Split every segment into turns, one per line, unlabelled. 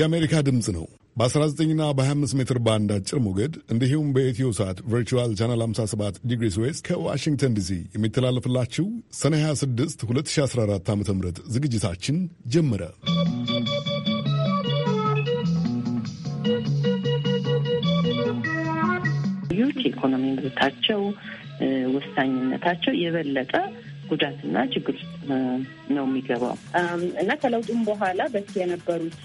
የአሜሪካ ድምፅ ነው። በ19ና በ25 ሜትር ባንድ አጭር ሞገድ እንዲሁም በኢትዮ ሰዓት ቨርቹዋል ቻናል 57 ዲግሪስ ዌስት ከዋሽንግተን ዲሲ የሚተላለፍላችሁ ሰኔ 26 2014 ዓ ም ዝግጅታችን ጀመረ።
ኢኮኖሚ ብታቸው ወሳኝነታቸው የበለጠ ጉዳትና ችግር ውስጥ ነው የሚገባው እና ከለውጡም በኋላ በፊት የነበሩት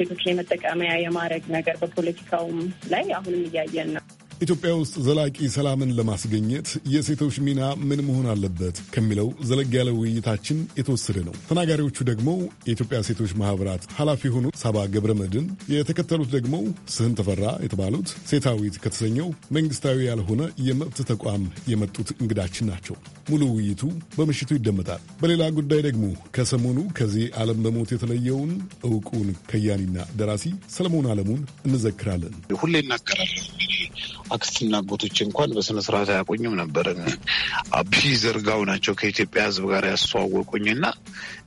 ዜጎችን የመጠቀሚያ የማድረግ ነገር በፖለቲካውም ላይ አሁንም እያየን ነው።
ኢትዮጵያ ውስጥ ዘላቂ ሰላምን ለማስገኘት የሴቶች ሚና ምን መሆን አለበት ከሚለው ዘለግ ያለ ውይይታችን የተወሰደ ነው። ተናጋሪዎቹ ደግሞ የኢትዮጵያ ሴቶች ማህበራት ኃላፊ የሆኑ ሳባ ገብረ መድን፣ የተከተሉት ደግሞ ስህን ተፈራ የተባሉት ሴታዊት ከተሰኘው መንግስታዊ ያልሆነ የመብት ተቋም የመጡት እንግዳችን ናቸው። ሙሉ ውይይቱ በምሽቱ ይደመጣል። በሌላ ጉዳይ ደግሞ ከሰሞኑ ከዚህ ዓለም በሞት የተለየውን እውቁን ከያኒና ደራሲ ሰለሞን ዓለሙን እንዘክራለን።
ሁሌ እናገራለሁ አክስትና አጎቶቼ እንኳን በስነ ስርዓት አያቆኝም ነበር። አብሺ ዘርጋው ናቸው ከኢትዮጵያ ሕዝብ ጋር ያስተዋወቁኝ እና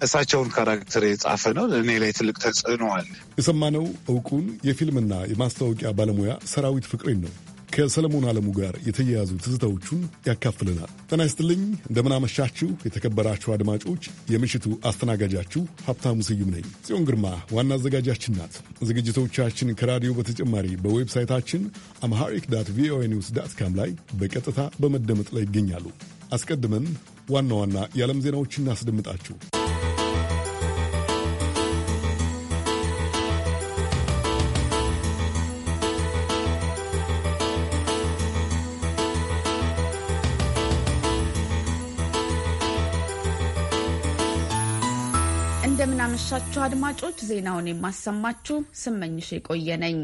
እሳቸውን ካራክተር የጻፈ ነው። እኔ ላይ ትልቅ ተጽዕኖ አለ።
የሰማነው እውቁን የፊልምና የማስታወቂያ ባለሙያ ሰራዊት ፍቅሬን ነው። ከሰለሞን ዓለሙ ጋር የተያያዙ ትዝታዎቹን ያካፍልናል። ጤና ይስጥልኝ፣ እንደምናመሻችሁ የተከበራችሁ አድማጮች፣ የምሽቱ አስተናጋጃችሁ ሀብታሙ ስዩም ነኝ። ጽዮን ግርማ ዋና አዘጋጃችን ናት። ዝግጅቶቻችን ከራዲዮ በተጨማሪ በዌብሳይታችን አምሃሪክ ዳት ቪኦኤ ኒውስ ዳት ካም ላይ በቀጥታ በመደመጥ ላይ ይገኛሉ። አስቀድመን ዋና ዋና የዓለም ዜናዎችን እናስደምጣችሁ።
እንደምናመሻችሁ አድማጮች፣ ዜናውን የማሰማችሁ ስመኝሽ የቆየ ነኝ።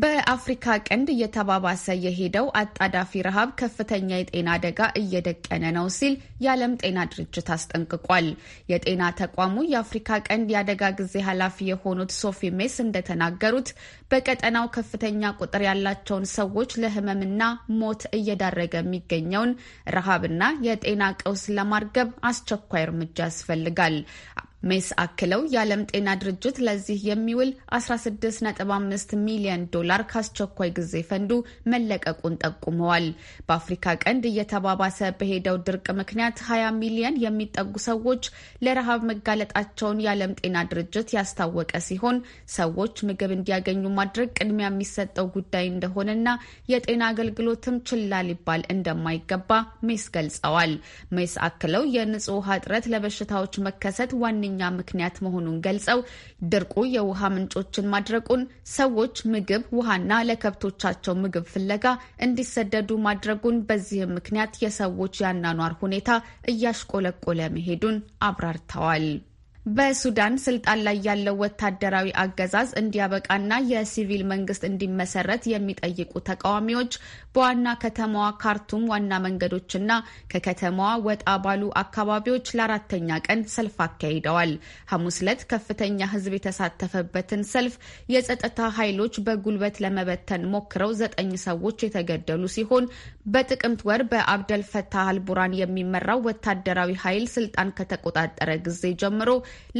በአፍሪካ ቀንድ እየተባባሰ የሄደው አጣዳፊ ረሃብ ከፍተኛ የጤና አደጋ እየደቀነ ነው ሲል የዓለም ጤና ድርጅት አስጠንቅቋል። የጤና ተቋሙ የአፍሪካ ቀንድ የአደጋ ጊዜ ኃላፊ የሆኑት ሶፊ ሜስ እንደተናገሩት በቀጠናው ከፍተኛ ቁጥር ያላቸውን ሰዎች ለሕመምና ሞት እየዳረገ የሚገኘውን ረሃብና የጤና ቀውስ ለማርገብ አስቸኳይ እርምጃ ያስፈልጋል። ሜስ አክለው የዓለም ጤና ድርጅት ለዚህ የሚውል 16.5 ሚሊዮን ዶላር ከአስቸኳይ ጊዜ ፈንዱ መለቀቁን ጠቁመዋል። በአፍሪካ ቀንድ እየተባባሰ በሄደው ድርቅ ምክንያት 20 ሚሊዮን የሚጠጉ ሰዎች ለረሃብ መጋለጣቸውን የዓለም ጤና ድርጅት ያስታወቀ ሲሆን ሰዎች ምግብ እንዲያገኙ ማድረግ ቅድሚያ የሚሰጠው ጉዳይ እንደሆነና የጤና አገልግሎትም ችላ ሊባል እንደማይገባ ሜስ ገልጸዋል። ሜስ አክለው የንጹህ ውሃ እጥረት ለበሽታዎች መከሰት ዋ።.። ዋነኛ ምክንያት መሆኑን ገልጸው ድርቁ የውሃ ምንጮችን ማድረቁን፣ ሰዎች ምግብ፣ ውሃና ለከብቶቻቸው ምግብ ፍለጋ እንዲሰደዱ ማድረጉን፣ በዚህም ምክንያት የሰዎች ያናኗር ሁኔታ እያሽቆለቆለ መሄዱን አብራርተዋል። በሱዳን ስልጣን ላይ ያለው ወታደራዊ አገዛዝ እንዲያበቃና የሲቪል መንግስት እንዲመሰረት የሚጠይቁ ተቃዋሚዎች በዋና ከተማዋ ካርቱም ዋና መንገዶችና ከከተማዋ ወጣ ባሉ አካባቢዎች ለአራተኛ ቀን ሰልፍ አካሂደዋል። ሐሙስ ዕለት ከፍተኛ ሕዝብ የተሳተፈበትን ሰልፍ የጸጥታ ኃይሎች በጉልበት ለመበተን ሞክረው ዘጠኝ ሰዎች የተገደሉ ሲሆን በጥቅምት ወር በአብደል ፈታህ አልቡራን የሚመራው ወታደራዊ ኃይል ስልጣን ከተቆጣጠረ ጊዜ ጀምሮ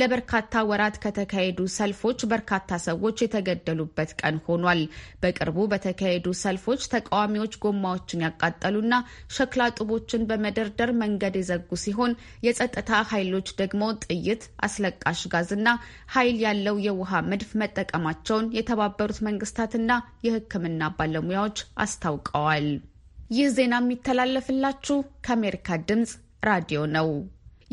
ለበርካታ ወራት ከተካሄዱ ሰልፎች በርካታ ሰዎች የተገደሉበት ቀን ሆኗል። በቅርቡ በተካሄዱ ሰልፎች ተቃዋሚዎች ሰዎች ጎማዎችን ያቃጠሉና ሸክላ ጡቦችን በመደርደር መንገድ የዘጉ ሲሆን የጸጥታ ኃይሎች ደግሞ ጥይት፣ አስለቃሽ ጋዝና ኃይል ያለው የውሃ መድፍ መጠቀማቸውን የተባበሩት መንግስታትና የሕክምና ባለሙያዎች አስታውቀዋል። ይህ ዜና የሚተላለፍላችሁ ከአሜሪካ ድምጽ ራዲዮ ነው።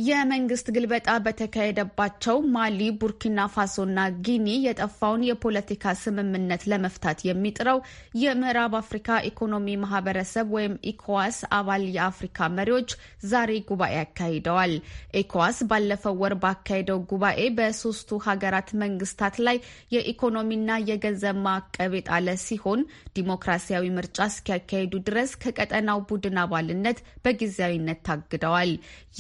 የመንግስት ግልበጣ በተካሄደባቸው ማሊ፣ ቡርኪና ፋሶና ጊኒ የጠፋውን የፖለቲካ ስምምነት ለመፍታት የሚጥረው የምዕራብ አፍሪካ ኢኮኖሚ ማህበረሰብ ወይም ኢኮዋስ አባል የአፍሪካ መሪዎች ዛሬ ጉባኤ አካሂደዋል። ኢኮዋስ ባለፈው ወር ባካሄደው ጉባኤ በሶስቱ ሀገራት መንግስታት ላይ የኢኮኖሚና የገንዘብ ማዕቀብ የጣለ ሲሆን ዲሞክራሲያዊ ምርጫ እስኪያካሂዱ ድረስ ከቀጠናው ቡድን አባልነት በጊዜያዊነት ታግደዋል።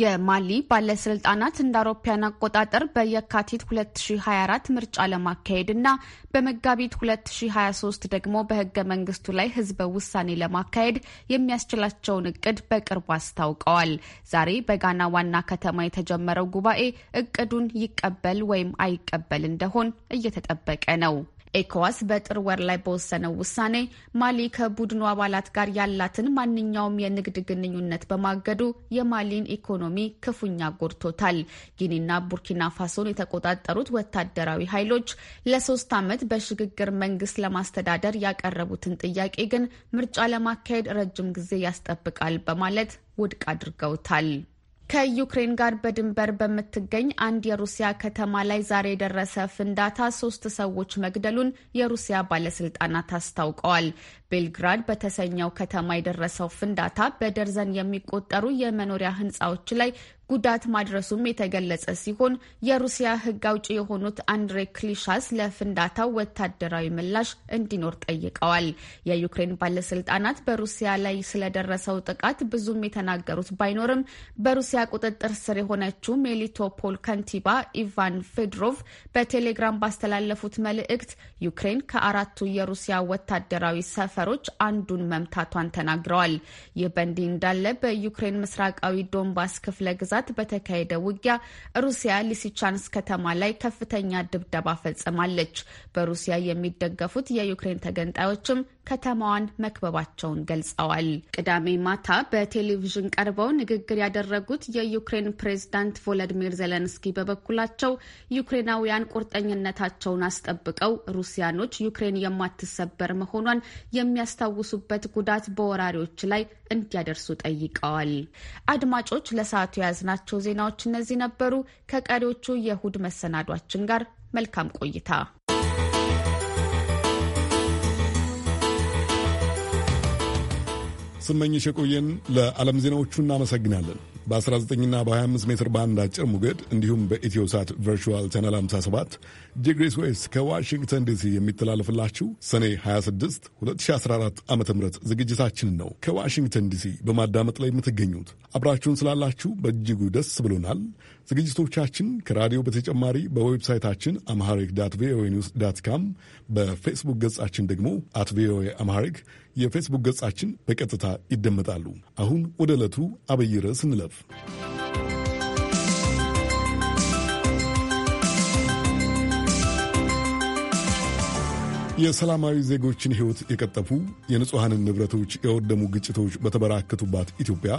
የማሊ ባለስልጣናት እንደ አውሮፓያን አቆጣጠር በየካቲት 2024 ምርጫ ለማካሄድ እና በመጋቢት 2023 ደግሞ በህገ መንግስቱ ላይ ህዝበ ውሳኔ ለማካሄድ የሚያስችላቸውን እቅድ በቅርቡ አስታውቀዋል። ዛሬ በጋና ዋና ከተማ የተጀመረው ጉባኤ እቅዱን ይቀበል ወይም አይቀበል እንደሆን እየተጠበቀ ነው። ኤኮዋስ በጥር ወር ላይ በወሰነው ውሳኔ ማሊ ከቡድኑ አባላት ጋር ያላትን ማንኛውም የንግድ ግንኙነት በማገዱ የማሊን ኢኮኖሚ ክፉኛ ጎድቶታል። ጊኒና ቡርኪና ፋሶን የተቆጣጠሩት ወታደራዊ ኃይሎች ለሶስት ዓመት በሽግግር መንግስት ለማስተዳደር ያቀረቡትን ጥያቄ ግን ምርጫ ለማካሄድ ረጅም ጊዜ ያስጠብቃል በማለት ውድቅ አድርገውታል። ከዩክሬን ጋር በድንበር በምትገኝ አንድ የሩሲያ ከተማ ላይ ዛሬ የደረሰ ፍንዳታ ሶስት ሰዎች መግደሉን የሩሲያ ባለስልጣናት አስታውቀዋል። ቤልግራድ በተሰኘው ከተማ የደረሰው ፍንዳታ በደርዘን የሚቆጠሩ የመኖሪያ ሕንፃዎች ላይ ጉዳት ማድረሱም የተገለጸ ሲሆን የሩሲያ ሕግ አውጪ የሆኑት አንድሬ ክሊሻስ ለፍንዳታው ወታደራዊ ምላሽ እንዲኖር ጠይቀዋል። የዩክሬን ባለስልጣናት በሩሲያ ላይ ስለደረሰው ጥቃት ብዙም የተናገሩት ባይኖርም በሩሲያ ቁጥጥር ስር የሆነችው ሜሊቶፖል ከንቲባ ኢቫን ፌድሮቭ በቴሌግራም ባስተላለፉት መልእክት ዩክሬን ከአራቱ የሩሲያ ወታደራዊ ሰፈሮች አንዱን መምታቷን ተናግረዋል። ይህ በእንዲህ እንዳለ በዩክሬን ምስራቃዊ ዶንባስ ክፍለ ግዛ ግዛት በተካሄደ ውጊያ ሩሲያ ሊሲቻንስ ከተማ ላይ ከፍተኛ ድብደባ ፈጽማለች። በሩሲያ የሚደገፉት የዩክሬን ተገንጣዮችም ከተማዋን መክበባቸውን ገልጸዋል። ቅዳሜ ማታ በቴሌቪዥን ቀርበው ንግግር ያደረጉት የዩክሬን ፕሬዝዳንት ቮለዲሚር ዘለንስኪ በበኩላቸው ዩክሬናውያን ቁርጠኝነታቸውን አስጠብቀው ሩሲያኖች ዩክሬን የማትሰበር መሆኗን የሚያስታውሱበት ጉዳት በወራሪዎች ላይ እንዲያደርሱ ጠይቀዋል። አድማጮች ለሰዓቱ የያዝናቸው ዜናዎች እነዚህ ነበሩ። ከቀሪዎቹ የእሁድ መሰናዷችን ጋር መልካም ቆይታ
ስመኝሽ የቆየን ለዓለም ዜናዎቹ እናመሰግናለን። በ19ና በ25 ሜትር ባንድ አጭር ሞገድ እንዲሁም በኢትዮ ሳት ቨርቹዋል ቻናል 57 ዲግሪስ ዌስት ከዋሽንግተን ዲሲ የሚተላለፍላችሁ ሰኔ 26 2014 ዓ ም ዝግጅታችንን ነው ከዋሽንግተን ዲሲ በማዳመጥ ላይ የምትገኙት። አብራችሁን ስላላችሁ በእጅጉ ደስ ብሎናል። ዝግጅቶቻችን ከራዲዮ በተጨማሪ በዌብሳይታችን አምሃሪክ ዳት ቪኦኤ ኒውስ ዳት ካም፣ በፌስቡክ ገጻችን ደግሞ አት ቪኦኤ አምሃሪክ የፌስቡክ ገጻችን በቀጥታ ይደመጣሉ። አሁን ወደ ዕለቱ አብይ ርዕስ እንለፍ። የሰላማዊ ዜጎችን ሕይወት የቀጠፉ የንጹሐንን ንብረቶች የወደሙ ግጭቶች በተበራከቱባት ኢትዮጵያ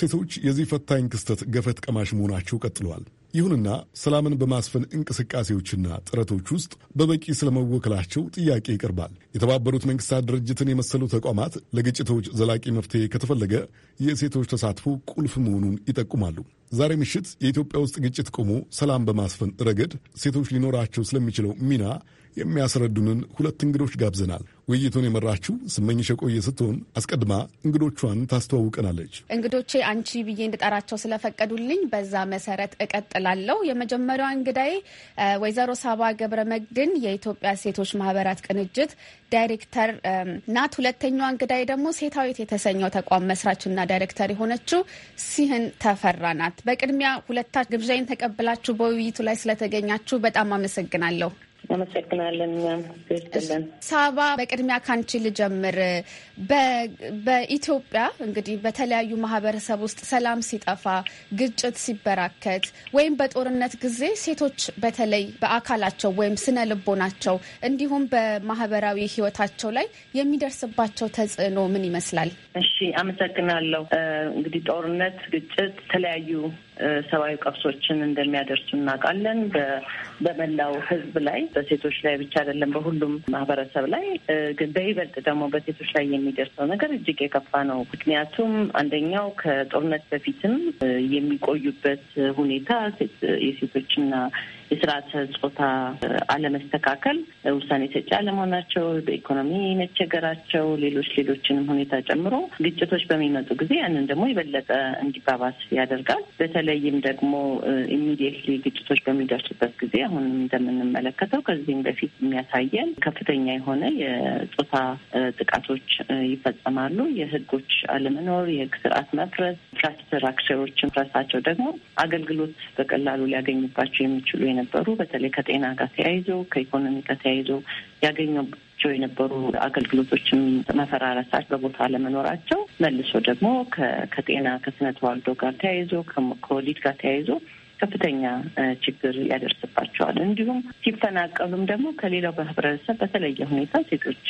ሴቶች የዚህ ፈታኝ ክስተት ገፈት ቀማሽ መሆናቸው ቀጥለዋል። ይሁንና ሰላምን በማስፈን እንቅስቃሴዎችና ጥረቶች ውስጥ በበቂ ስለመወከላቸው ጥያቄ ይቀርባል። የተባበሩት መንግስታት ድርጅትን የመሰሉ ተቋማት ለግጭቶች ዘላቂ መፍትሄ ከተፈለገ የሴቶች ተሳትፎ ቁልፍ መሆኑን ይጠቁማሉ። ዛሬ ምሽት የኢትዮጵያ ውስጥ ግጭት ቆሞ ሰላም በማስፈን ረገድ ሴቶች ሊኖራቸው ስለሚችለው ሚና የሚያስረዱንን ሁለት እንግዶች ጋብዘናል። ውይይቱን የመራችው ስመኝሽ የቆየ ስትሆን አስቀድማ እንግዶቿን ታስተዋውቀናለች።
እንግዶቼ አንቺ ብዬ እንድጠራቸው ስለፈቀዱልኝ በዛ መሰረት እቀጥላለሁ። የመጀመሪያዋ እንግዳዬ ወይዘሮ ሳባ ገብረ መግድን የኢትዮጵያ ሴቶች ማህበራት ቅንጅት ዳይሬክተር ናት። ሁለተኛዋ እንግዳዬ ደግሞ ሴታዊት የተሰኘው ተቋም መስራችና ዳይሬክተር የሆነችው ሲህን ተፈራ ናት። በቅድሚያ ሁለታ ግብዣይን ተቀብላችሁ በውይይቱ ላይ ስለተገኛችሁ በጣም አመሰግናለሁ። አመሰግናለን። ሳባ፣ በቅድሚያ ካንቺ ልጀምር። በኢትዮጵያ እንግዲህ በተለያዩ ማህበረሰብ ውስጥ ሰላም ሲጠፋ፣ ግጭት ሲበራከት ወይም በጦርነት ጊዜ ሴቶች በተለይ በአካላቸው ወይም ስነ ልቦናቸው እንዲሁም በማህበራዊ ህይወታቸው ላይ የሚደርስባቸው ተጽዕኖ ምን ይመስላል?
እሺ፣ አመሰግናለሁ። እንግዲህ ጦርነት፣ ግጭት፣ የተለያዩ ሰብአዊ ቀብሶችን እንደሚያደርሱ እናውቃለን። በመላው ህዝብ ላይ በሴቶች ላይ ብቻ አይደለም፣ በሁሉም ማህበረሰብ ላይ ግን በይበልጥ ደግሞ በሴቶች ላይ የሚደርሰው ነገር እጅግ የከፋ ነው። ምክንያቱም አንደኛው ከጦርነት በፊትም የሚቆዩበት ሁኔታ የሴቶችና የስርዓተ ጾታ አለመስተካከል፣ ውሳኔ ሰጪ አለመሆናቸው፣ በኢኮኖሚ መቸገራቸው፣ ሌሎች ሌሎችንም ሁኔታ ጨምሮ ግጭቶች በሚመጡ ጊዜ ያንን ደግሞ የበለጠ እንዲባባስ ያደርጋል። በተለይም ደግሞ ኢሚዲየትሊ ግጭቶች በሚደርሱበት ጊዜ አሁንም እንደምንመለከተው ከዚህም በፊት የሚያሳየን ከፍተኛ የሆነ የጾታ ጥቃቶች ይፈጸማሉ። የህጎች አለመኖር፣ የህግ ስርዓት መፍረስ፣ ኢንፍራስትራክቸሮች መፍረሳቸው ደግሞ አገልግሎት በቀላሉ ሊያገኙባቸው የሚችሉ የነበሩ በተለይ ከጤና ጋር ተያይዞ ከኢኮኖሚ ጋር ተያይዞ ያገኘቸው የነበሩ አገልግሎቶችም መፈራረሳች በቦታ ለመኖራቸው መልሶ ደግሞ ከጤና ከስነ ተዋልዶ ጋር ተያይዞ ከወሊድ ጋር ተያይዞ ከፍተኛ ችግር ያደርስባቸዋል። እንዲሁም ሲፈናቀሉም ደግሞ ከሌላው በህብረተሰብ በተለየ ሁኔታ ሴቶች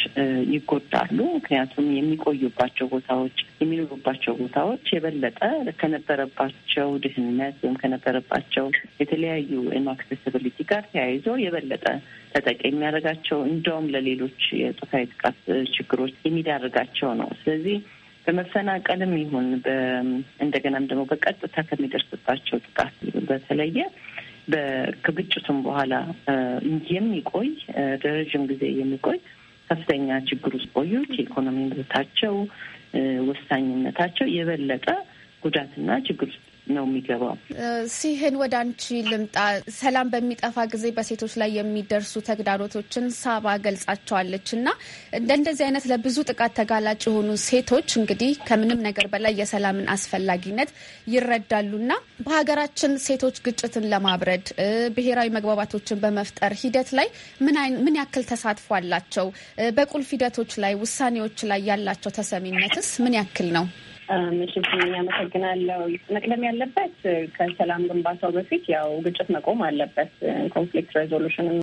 ይጎዳሉ። ምክንያቱም የሚቆዩባቸው ቦታዎች፣ የሚኖሩባቸው ቦታዎች የበለጠ ከነበረባቸው ድህነት ወይም ከነበረባቸው የተለያዩ ኢንአክሴሲቢሊቲ ጋር ተያይዞ የበለጠ ተጠቂ የሚያደርጋቸው እንደውም ለሌሎች የፆታዊ ጥቃት ችግሮች የሚዳርጋቸው ነው። ስለዚህ በመፈናቀልም ይሁን እንደገናም ደግሞ በቀጥታ ከሚደርስባቸው ጥቃት በተለየ ከግጭቱም በኋላ የሚቆይ ለረዥም ጊዜ የሚቆይ ከፍተኛ ችግር ውስጥ ቆዩት። የኢኮኖሚ ምርታቸው፣ ወሳኝነታቸው የበለጠ ጉዳትና ችግር ውስጥ
ነው የሚገባው። ሲሄን ወደ አንቺ ልምጣ። ሰላም በሚጠፋ ጊዜ በሴቶች ላይ የሚደርሱ ተግዳሮቶችን ሳባ ገልጻቸዋለች እና እንደዚህ አይነት ለብዙ ጥቃት ተጋላጭ የሆኑ ሴቶች እንግዲህ ከምንም ነገር በላይ የሰላምን አስፈላጊነት ይረዳሉና በሀገራችን ሴቶች ግጭትን ለማብረድ ብሔራዊ መግባባቶችን በመፍጠር ሂደት ላይ ምን ያክል ተሳትፎ አላቸው? በቁልፍ ሂደቶች ላይ ውሳኔዎች ላይ ያላቸው ተሰሚነትስ ምን ያክል ነው? ምሽትን አመሰግናለሁ። መቅደም
ያለበት ከሰላም ግንባታው በፊት ያው ግጭት መቆም አለበት። ኮንፍሊክት ሬዞሉሽንም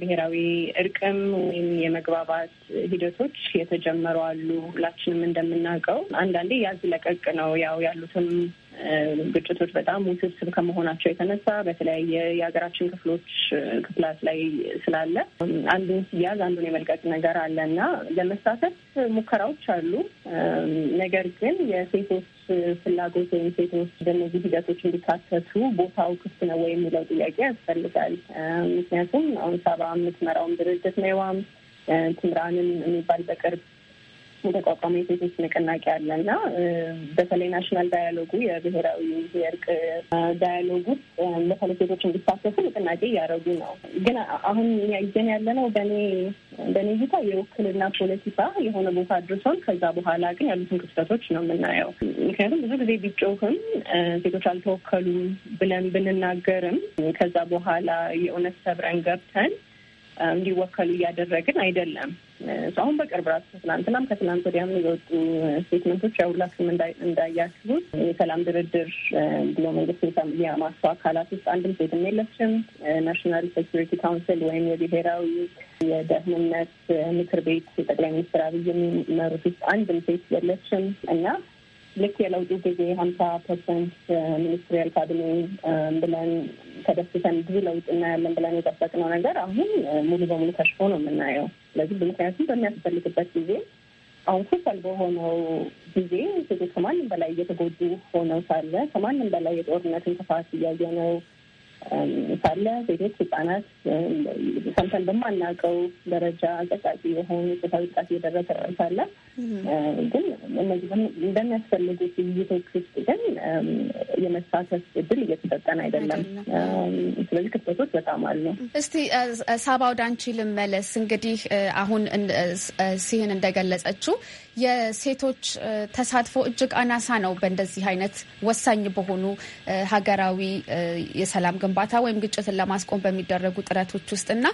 ብሔራዊ እርቅም ወይም የመግባባት ሂደቶች የተጀመሩ አሉ። ሁላችንም እንደምናውቀው አንዳንዴ ያዝ ለቀቅ ነው ያው ያሉትም ግጭቶች በጣም ውስብስብ ከመሆናቸው የተነሳ በተለያየ የሀገራችን ክፍሎች ክፍላት ላይ ስላለ አንዱን ሲያዝ አንዱን የመልቀቅ ነገር አለ እና ለመሳተፍ ሙከራዎች አሉ። ነገር ግን የሴቶች ፍላጎት ወይም ሴቶች በእነዚህ ሂደቶች እንዲካተቱ ቦታው ክፍት ነው ወይ የሚለው ጥያቄ ያስፈልጋል። ምክንያቱም አሁን ሳባ የምትመራውም ድርጅት መይዋም ትምራንን የሚባል በቅርብ የተቋቋመ የሴቶች ንቅናቄ አለ እና በተለይ ናሽናል ዳያሎጉ የብሔራዊ የእርቅ ዳያሎግ ውስጥ በተለይ ሴቶች እንዲሳተፉ ንቅናቄ እያደረጉ ነው። ግን አሁን እያየን ያለ ነው በእኔ በእኔ እይታ የውክልና ፖለቲካ የሆነ ቦታ አድርሶን ከዛ በኋላ ግን ያሉትን ክፍተቶች ነው የምናየው። ምክንያቱም ብዙ ጊዜ ቢጮህም ሴቶች አልተወከሉም ብለን ብንናገርም ከዛ በኋላ የእውነት ሰብረን ገብተን እንዲወከሉ እያደረግን አይደለም። አሁን በቅርብ ራሱ ከትላንትናም ከትላንት ወዲያም የወጡ ስቴትመንቶች ያው ሁላችሁም እንዳያችሁት የሰላም ድርድር ብሎ መንግስት የማስፋ አካላት ውስጥ አንድም ሴትም የለችም። ናሽናል ሴኪሪቲ ካውንስል ወይም የብሔራዊ የደህንነት ምክር ቤት የጠቅላይ ሚኒስትር አብይ የሚመሩት ውስጥ አንድም ሴት የለችም እና ልክ የለውጡ ጊዜ ሀምሳ ፐርሰንት ሚኒስትሪያል ካቢኔ ብለን ተደስተን ብዙ ለውጥ እናያለን ብለን የጠበቅነው ነገር አሁን ሙሉ በሙሉ ከሽፎ ነው የምናየው። ስለዚህ ምክንያቱም በሚያስፈልግበት ጊዜ አሁን ክፍል በሆነው ጊዜ ዜጎች ከማንም በላይ እየተጎዱ ሆነው ሳለ ከማንም በላይ የጦርነት እያየ ነው ሳለ ሴቶች፣ ህጻናት ሰምተን በማናውቀው ደረጃ አጨቃቂ የሆኑ ጾታዊ ጥቃት እየደረሰ ሳለ ግን እነዚህ በሚያስፈልጉት ውይይቶች ውስጥ ግን የመሳተፍ እድል እየተሰጠን አይደለም። ስለዚህ ክፍተቶች በጣም አሉ።
እስቲ ሳባው ዳንቺ ልመለስ። እንግዲህ አሁን ሲህን እንደገለጸችው የሴቶች ተሳትፎ እጅግ አናሳ ነው በእንደዚህ አይነት ወሳኝ በሆኑ ሀገራዊ የሰላም ግንባታ ወይም ግጭትን ለማስቆም በሚደረጉ ጥረቶች ውስጥ እና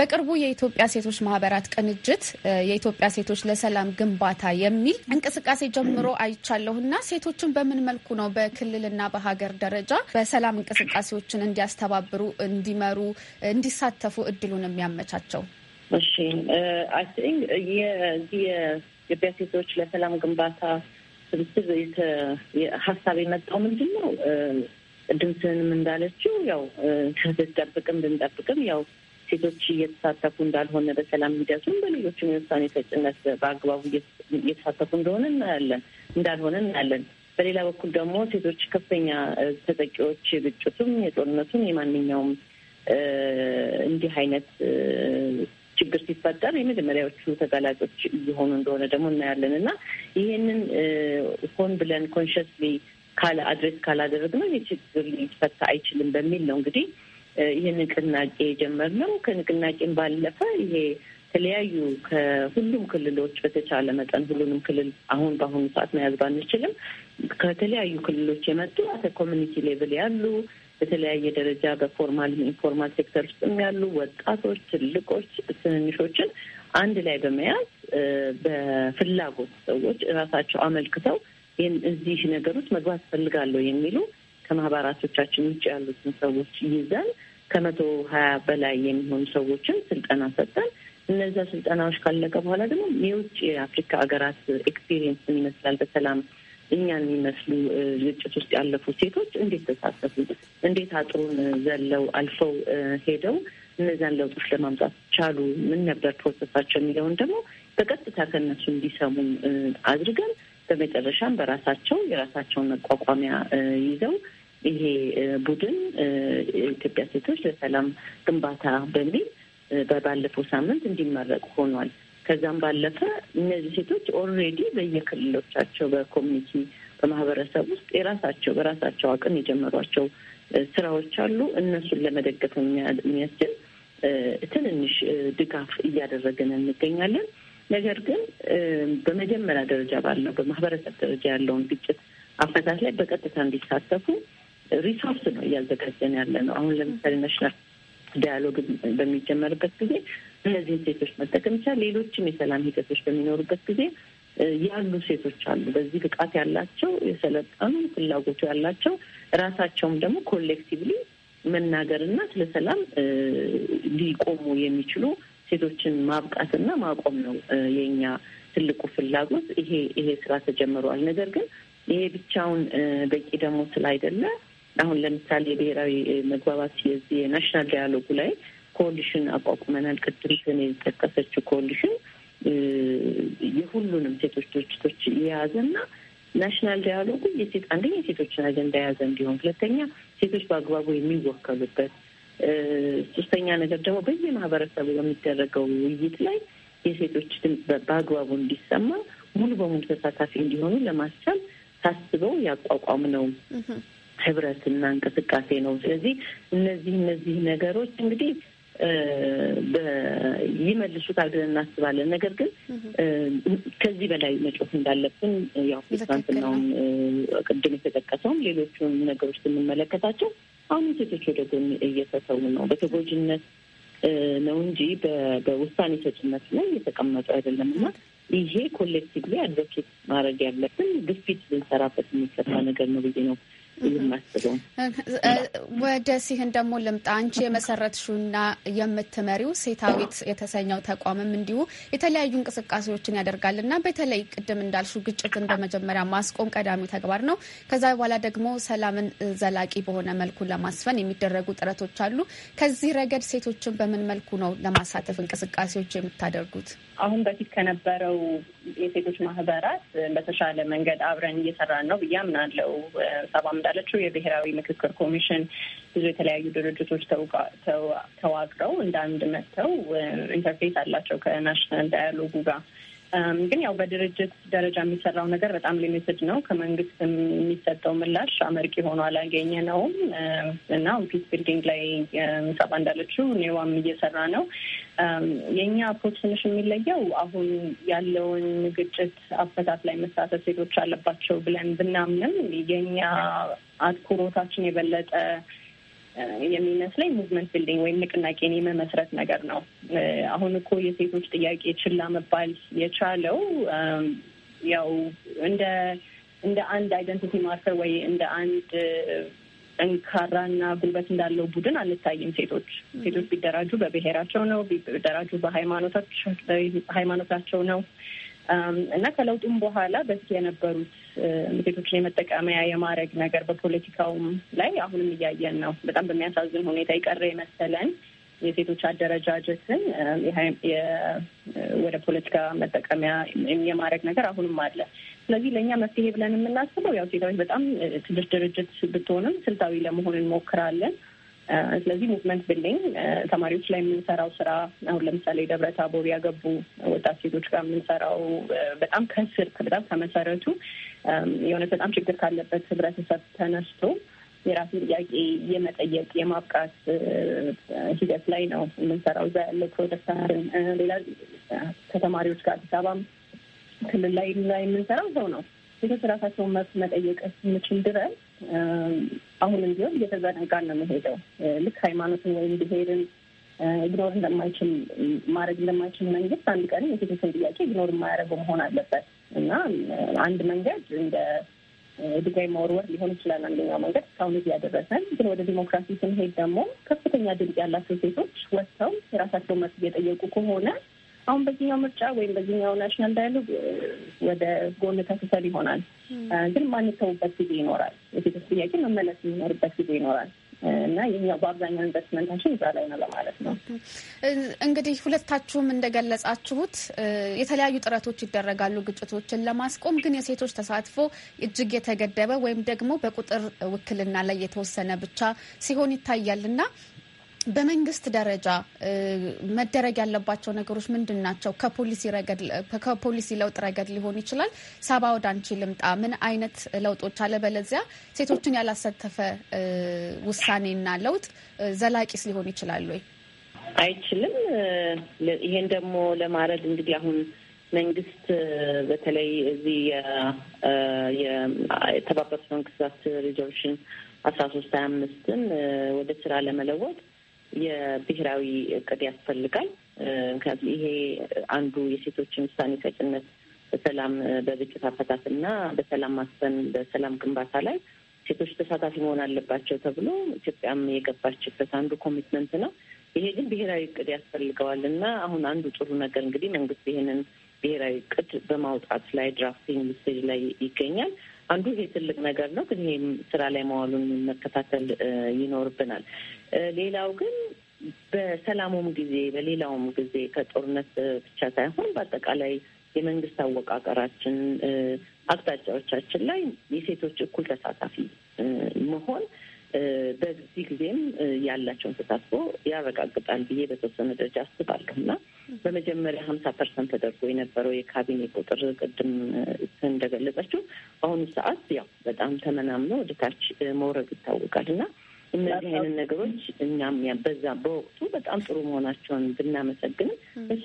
በቅርቡ የኢትዮጵያ ሴቶች ማህበራት ቅንጅት የኢትዮጵያ ሴቶች ለሰላም ግንባ ግንባታ የሚል እንቅስቃሴ ጀምሮ አይቻለሁ እና ሴቶችን በምን መልኩ ነው በክልልና በሀገር ደረጃ በሰላም እንቅስቃሴዎችን እንዲያስተባብሩ፣ እንዲመሩ፣ እንዲሳተፉ እድሉን የሚያመቻቸው? እሺ
አይ ቲንክ የዚህ የኢትዮጵያ ሴቶች ለሰላም ግንባታ ስብስብ ሀሳብ የመጣው ምንድን ነው? ቅድም ስንም እንዳለችው ያው ብንጠብቅም ብንጠብቅም ያው ሴቶች እየተሳተፉ እንዳልሆነ በሰላም ሂደቱም በሌሎችም የውሳኔ ሰጭነት በአግባቡ እየተሳተፉ እንደሆነ እናያለን እንዳልሆነ እናያለን። በሌላ በኩል ደግሞ ሴቶች ከፍተኛ ተጠቂዎች የግጭቱም፣ የጦርነቱም የማንኛውም እንዲህ አይነት ችግር ሲፈጠር የመጀመሪያዎቹ ተጋላጮች እየሆኑ እንደሆነ ደግሞ እናያለን እና ይሄንን ሆን ብለን ኮንሽስሊ ካለ አድሬስ ካላደረግነው ይህ ችግር ሊፈታ አይችልም በሚል ነው እንግዲህ ይህ ንቅናቄ የጀመርነው ከንቅናቄም ባለፈ ይሄ የተለያዩ ከሁሉም ክልሎች በተቻለ መጠን ሁሉንም ክልል አሁን በአሁኑ ሰዓት መያዝ ባንችልም ከተለያዩ ክልሎች የመጡ ኮሚኒቲ ሌቭል ያሉ በተለያየ ደረጃ በፎርማል ኢንፎርማል ሴክተር ውስጥም ያሉ ወጣቶች፣ ትልቆች፣ ትንንሾችን አንድ ላይ በመያዝ በፍላጎት ሰዎች እራሳቸው አመልክተው ይህን እዚህ ነገር ውስጥ መግባት ፈልጋለሁ የሚሉ ከማህበራቶቻችን ውጭ ያሉትን ሰዎች ይዘን ከመቶ ሀያ በላይ የሚሆኑ ሰዎችን ስልጠና ሰጠን። እነዚያ ስልጠናዎች ካለቀ በኋላ ደግሞ የውጭ የአፍሪካ ሀገራት ኤክስፒሪየንስ ምን ይመስላል፣ በሰላም እኛን የሚመስሉ ግጭት ውስጥ ያለፉ ሴቶች እንዴት ተሳተፉ፣ እንዴት አጥሩን ዘለው አልፈው ሄደው እነዚያን ለውጦች ለማምጣት ቻሉ፣ ምን ነበር ፕሮሰሳቸው የሚለውን ደግሞ በቀጥታ ከእነሱ እንዲሰሙ አድርገን በመጨረሻም በራሳቸው የራሳቸውን መቋቋሚያ ይዘው ይሄ ቡድን የኢትዮጵያ ሴቶች ለሰላም ግንባታ በሚል በባለፈው ሳምንት እንዲመረቅ ሆኗል። ከዛም ባለፈ እነዚህ ሴቶች ኦልሬዲ በየክልሎቻቸው በኮሚኒቲ በማህበረሰብ ውስጥ የራሳቸው በራሳቸው አቅም የጀመሯቸው ስራዎች አሉ። እነሱን ለመደገፍ የሚያስችል ትንንሽ ድጋፍ እያደረግን እንገኛለን። ነገር ግን በመጀመሪያ ደረጃ ባለው በማህበረሰብ ደረጃ ያለውን ግጭት አፈታት ላይ በቀጥታ እንዲሳተፉ ሪሶርስ ነው እያዘጋጀን ያለ ነው። አሁን ለምሳሌ ናሽናል ዳያሎግ በሚጀመርበት ጊዜ እነዚህን ሴቶች መጠቀም ይቻል። ሌሎችም የሰላም ሂደቶች በሚኖሩበት ጊዜ ያሉ ሴቶች አሉ፣ በዚህ ብቃት ያላቸው የሰለጠኑ ፍላጎቱ ያላቸው ራሳቸውም ደግሞ ኮሌክቲቭሊ መናገርና ስለ ሰላም ሊቆሙ የሚችሉ ሴቶችን ማብቃትና ማቆም ነው የኛ ትልቁ ፍላጎት። ይሄ ይሄ ስራ ተጀምሯል። ነገር ግን ይሄ ብቻውን በቂ ደግሞ ስላይደለ አሁን ለምሳሌ የብሔራዊ መግባባት የዚህ የናሽናል ዳያሎጉ ላይ ኮሊሽን አቋቁመናል። ቅድም የጠቀሰችው ኮሊሽን የሁሉንም ሴቶች ድርጅቶች የያዘና ናሽናል ዳያሎጉ የሴት አንደኛ የሴቶችን አጀንዳ የያዘ እንዲሆን፣ ሁለተኛ ሴቶች በአግባቡ የሚወከሉበት፣ ሶስተኛ ነገር ደግሞ በየማህበረሰቡ በሚደረገው ውይይት ላይ የሴቶች ድምፅ በአግባቡ እንዲሰማ ሙሉ በሙሉ ተሳታፊ እንዲሆኑ ለማስቻል ታስበው ያቋቋም ነው ህብረት እና እንቅስቃሴ ነው። ስለዚህ እነዚህ እነዚህ ነገሮች እንግዲህ ይመልሱታል ብለን እናስባለን። ነገር ግን ከዚህ በላይ መጮፍ እንዳለብን ያው ትናንትናውን ቅድም የተጠቀሰውም ሌሎቹን ነገሮች ስንመለከታቸው አሁን ሴቶች ወደ ጎን እየተተዉ ነው። በተጎጂነት ነው እንጂ በውሳኔ ሰጭነት ላይ እየተቀመጡ አይደለም እና ይሄ ኮሌክቲቭሊ አድቮኬት ማድረግ ያለብን ግፊት ልንሰራበት የሚገባ ነገር ነው ብዬ ነው
ወደ ሲህን ደግሞ ልምጣ። አንቺ የመሰረትሽውና የምትመሪው ሴታዊት የተሰኘው ተቋምም እንዲሁ የተለያዩ እንቅስቃሴዎችን ያደርጋል እና በተለይ ቅድም እንዳልሹ ግጭትን በመጀመሪያ ማስቆም ቀዳሚ ተግባር ነው። ከዛ በኋላ ደግሞ ሰላምን ዘላቂ በሆነ መልኩ ለማስፈን የሚደረጉ ጥረቶች አሉ። ከዚህ ረገድ ሴቶችን በምን መልኩ ነው ለማሳተፍ እንቅስቃሴዎች የምታደርጉት?
አሁን በፊት ከነበረው የሴቶች ማህበራት በተሻለ መንገድ አብረን እየሰራን ነው ብዬ አምናለው ሰባ እንዳለችው የብሔራዊ ምክክር ኮሚሽን ብዙ የተለያዩ ድርጅቶች ተዋቅረው እንደ አንድ መጥተው ኢንተርፌስ አላቸው ከናሽናል ዳያሎጉ ጋር ግን ያው በድርጅት ደረጃ የሚሰራው ነገር በጣም ሊሚትድ ነው። ከመንግስት የሚሰጠው ምላሽ አመርቂ ሆኖ አላገኘ ነውም እና ፒስ ቢልዲንግ ላይ ሰባ እንዳለችው ኔዋም እየሰራ ነው። የእኛ አፕሮች ትንሽ የሚለየው አሁን ያለውን ግጭት አፈታት ላይ መሳተፍ ሴቶች አለባቸው ብለን ብናምንም የእኛ አትኩሮታችን የበለጠ የሚመስለኝ ሙቭመንት ቢልዲንግ ወይም ንቅናቄን የመመስረት ነገር ነው። አሁን እኮ የሴቶች ጥያቄ ችላ መባል የቻለው ያው እንደ እንደ አንድ አይደንቲቲ ማርከር ወይ እንደ አንድ ጠንካራና ጉልበት እንዳለው ቡድን አንታይም። ሴቶች ሴቶች ቢደራጁ በብሔራቸው ነው፣ ቢደራጁ በሃይማኖታቸው ነው እና ከለውጡም በኋላ በፊት የነበሩት ዜጎችን የመጠቀሚያ የማድረግ ነገር በፖለቲካውም ላይ አሁንም እያየን ነው። በጣም በሚያሳዝን ሁኔታ የቀረ የመሰለን የሴቶች አደረጃጀትን ወደ ፖለቲካ መጠቀሚያ የማድረግ ነገር አሁንም አለ። ስለዚህ ለእኛ መፍትሄ ብለን የምናስበው ያው ሴታዊት በጣም ትንሽ ድርጅት ብትሆንም ስልታዊ ለመሆን እንሞክራለን። ስለዚህ ሙቭመንት ብንኝ ተማሪዎች ላይ የምንሰራው ስራ አሁን ለምሳሌ ደብረ ታቦር ያገቡ ወጣት ሴቶች ጋር የምንሰራው በጣም ከስር በጣም ከመሰረቱ የሆነ በጣም ችግር ካለበት ህብረተሰብ ተነስቶ የራሱን ጥያቄ የመጠየቅ የማብቃት ሂደት ላይ ነው የምንሰራው። እዛ ያለው ፕሮጀክታርን ሌላ ከተማሪዎች ጋር አዲስ አበባም ክልል ላይ ላይ የምንሰራው ሰው ነው ሴቶች ራሳቸውን መብት መጠየቅ እስክንችል ድረስ አሁንም ቢሆን እየተዘነጋ ነው መሄደው ልክ ሃይማኖትን ወይም ብሄርን ኢግኖር እንደማይችል ማድረግ እንደማይችል መንግስት አንድ ቀን የሴቶችን ጥያቄ ኢግኖር የማያደርገው መሆን አለበት እና አንድ መንገድ እንደ ድንጋይ መወርወር ሊሆን ይችላል። አንደኛው መንገድ እስካሁን ያደረሰን ግን ወደ ዲሞክራሲ ስንሄድ ደግሞ ከፍተኛ ድምፅ ያላቸው ሴቶች ወጥተው የራሳቸው መብት እየጠየቁ ከሆነ አሁን በዚህኛው ምርጫ ወይም በዚህኛው ናሽናል ዳያሎግ ወደ ጎን ተፍተል ይሆናል፣ ግን ማንተውበት ጊዜ ይኖራል። የሴቶች ጥያቄ መመለስ የሚኖርበት ጊዜ ይኖራል እና ይህኛው በአብዛኛው ኢንቨስትመንታችን እዛ ላይ ነው ለማለት ነው።
እንግዲህ ሁለታችሁም እንደገለጻችሁት የተለያዩ ጥረቶች ይደረጋሉ ግጭቶችን ለማስቆም ግን የሴቶች ተሳትፎ እጅግ የተገደበ ወይም ደግሞ በቁጥር ውክልና ላይ የተወሰነ ብቻ ሲሆን ይታያል እና በመንግስት ደረጃ መደረግ ያለባቸው ነገሮች ምንድን ናቸው? ከፖሊሲ ለውጥ ረገድ ሊሆን ይችላል። ሳባ ወደ አንቺ ልምጣ። ምን አይነት ለውጦች አለበለዚያ ሴቶችን ያላሳተፈ ውሳኔና ለውጥ ዘላቂስ ሊሆን ይችላል ወይ? አይችልም።
ይሄን ደግሞ ለማድረግ እንግዲህ አሁን መንግስት በተለይ እዚህ የተባበሩት መንግስታት ሪዞሉሽን አስራ ሶስት ሀያ አምስትን ወደ ስራ ለመለወጥ የብሔራዊ እቅድ ያስፈልጋል። ምክንያቱም ይሄ አንዱ የሴቶችን ውሳኔ ሰጭነት በሰላም በግጭት አፈታት እና በሰላም ማስፈን በሰላም ግንባታ ላይ ሴቶች ተሳታፊ መሆን አለባቸው ተብሎ ኢትዮጵያም የገባችበት አንዱ ኮሚትመንት ነው። ይሄ ግን ብሔራዊ እቅድ ያስፈልገዋል እና አሁን አንዱ ጥሩ ነገር እንግዲህ መንግስት ይሄንን ብሔራዊ እቅድ በማውጣት ላይ ድራፍቲንግ ስቴጅ ላይ ይገኛል። አንዱ ይሄ ትልቅ ነገር ነው። ግን ይሄም ስራ ላይ መዋሉን መከታተል ይኖርብናል። ሌላው ግን በሰላሙም ጊዜ በሌላውም ጊዜ ከጦርነት ብቻ ሳይሆን በአጠቃላይ የመንግስት አወቃቀራችን አቅጣጫዎቻችን ላይ የሴቶች እኩል ተሳታፊ መሆን በዚህ ጊዜም ያላቸውን ተሳትፎ ያረጋግጣል ብዬ በተወሰነ ደረጃ አስባለሁ እና በመጀመሪያ ሀምሳ ፐርሰንት ተደርጎ የነበረው የካቢኔ ቁጥር ቅድም እንደገለጸችው በአሁኑ ሰዓት ያው በጣም ተመናምኖ ወደታች መውረድ ይታወቃል እና እነዚህ አይነት ነገሮች እኛም በዛ በወቅቱ በጣም ጥሩ መሆናቸውን ብናመሰግን እሱ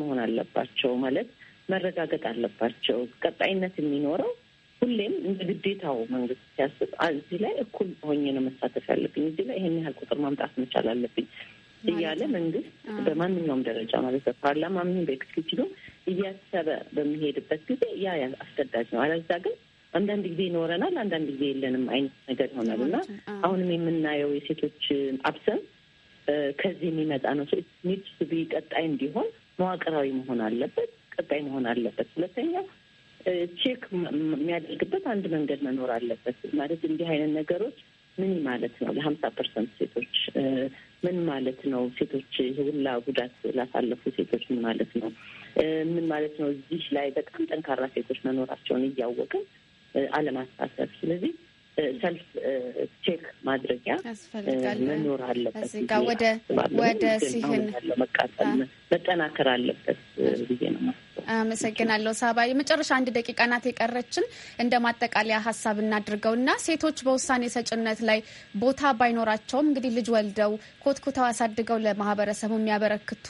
መሆን አለባቸው ማለት መረጋገጥ አለባቸው። ቀጣይነት የሚኖረው ሁሌም እንደ ግዴታው መንግስት ሲያስብ እዚህ ላይ እኩል ሆኜ ነው መሳተፍ ያለብኝ፣ እዚህ ላይ ይህን ያህል ቁጥር ማምጣት መቻል አለብኝ እያለ መንግስት በማንኛውም ደረጃ ማለት በፓርላማ ምን በኤክስኪቲቭም እያሰበ በሚሄድበት ጊዜ ያ አስገዳጅ ነው። አለዛ ግን አንዳንድ ጊዜ ይኖረናል፣ አንዳንድ ጊዜ የለንም አይነት ነገር ይሆናል እና አሁንም የምናየው የሴቶች አብሰን ከዚህ የሚመጣ ነው። ኒድ ቱ ቢ ቀጣይ እንዲሆን መዋቅራዊ መሆን አለበት፣ ቀጣይ መሆን አለበት። ሁለተኛው ቼክ የሚያደርግበት አንድ መንገድ መኖር አለበት። ማለት እንዲህ አይነት ነገሮች ምን ማለት ነው? ለሀምሳ ፐርሰንት ሴቶች ምን ማለት ነው? ሴቶች ሁላ ጉዳት ላሳለፉ ሴቶች ምን ማለት ነው? ምን ማለት ነው? እዚህ ላይ በጣም ጠንካራ ሴቶች መኖራቸውን እያወቅን አለማሳሰብ። ስለዚህ ሰልፍ ቼክ ማድረጊያ መኖር አለበት። ወደ ሲህን መቃጠል መጠናከር አለበት ብዬ ነው።
አመሰግናለሁ ሳባ። የመጨረሻ አንድ ደቂቃ ናት የቀረችን። እንደ ማጠቃለያ ሀሳብ እናድርገው እና ሴቶች በውሳኔ ሰጭነት ላይ ቦታ ባይኖራቸውም እንግዲህ ልጅ ወልደው ኮትኩተው አሳድገው ለማህበረሰቡ የሚያበረክቱ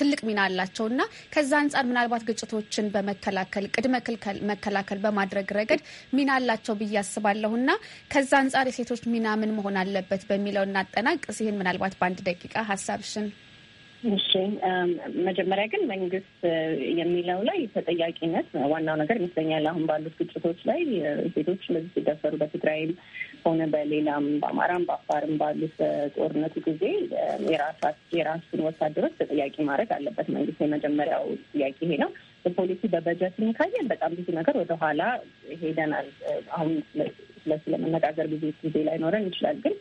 ትልቅ ሚና አላቸው እና ከዛ አንጻር ምናልባት ግጭቶችን በመከላከል ቅድመ መከላከል በማድረግ ረገድ ሚና አላቸው ብዬ አስባለሁ እና ከዛ አንጻር የሴቶች ሚና ምን መሆን አለበት በሚለው እናጠናቅ። ይህን ምናልባት በአንድ ደቂቃ ሀሳብሽን እሺ
መጀመሪያ ግን መንግስት የሚለው ላይ ተጠያቂነት ዋናው ነገር ይመስለኛል። አሁን ባሉት ግጭቶች ላይ ሴቶች እንደዚህ ሲደፈሩ በትግራይም ሆነ በሌላም በአማራም በአፋርም ባሉት ጦርነቱ ጊዜ የራሱን ወታደሮች ተጠያቂ ማድረግ አለበት መንግስት። የመጀመሪያው ጥያቄ ይሄ ነው። በፖሊሲ በበጀትም ካየን በጣም ብዙ ነገር ወደኋላ ሄደናል። አሁን ስለመነጋገር ብዙ ጊዜ ላይኖረን ይችላል ግን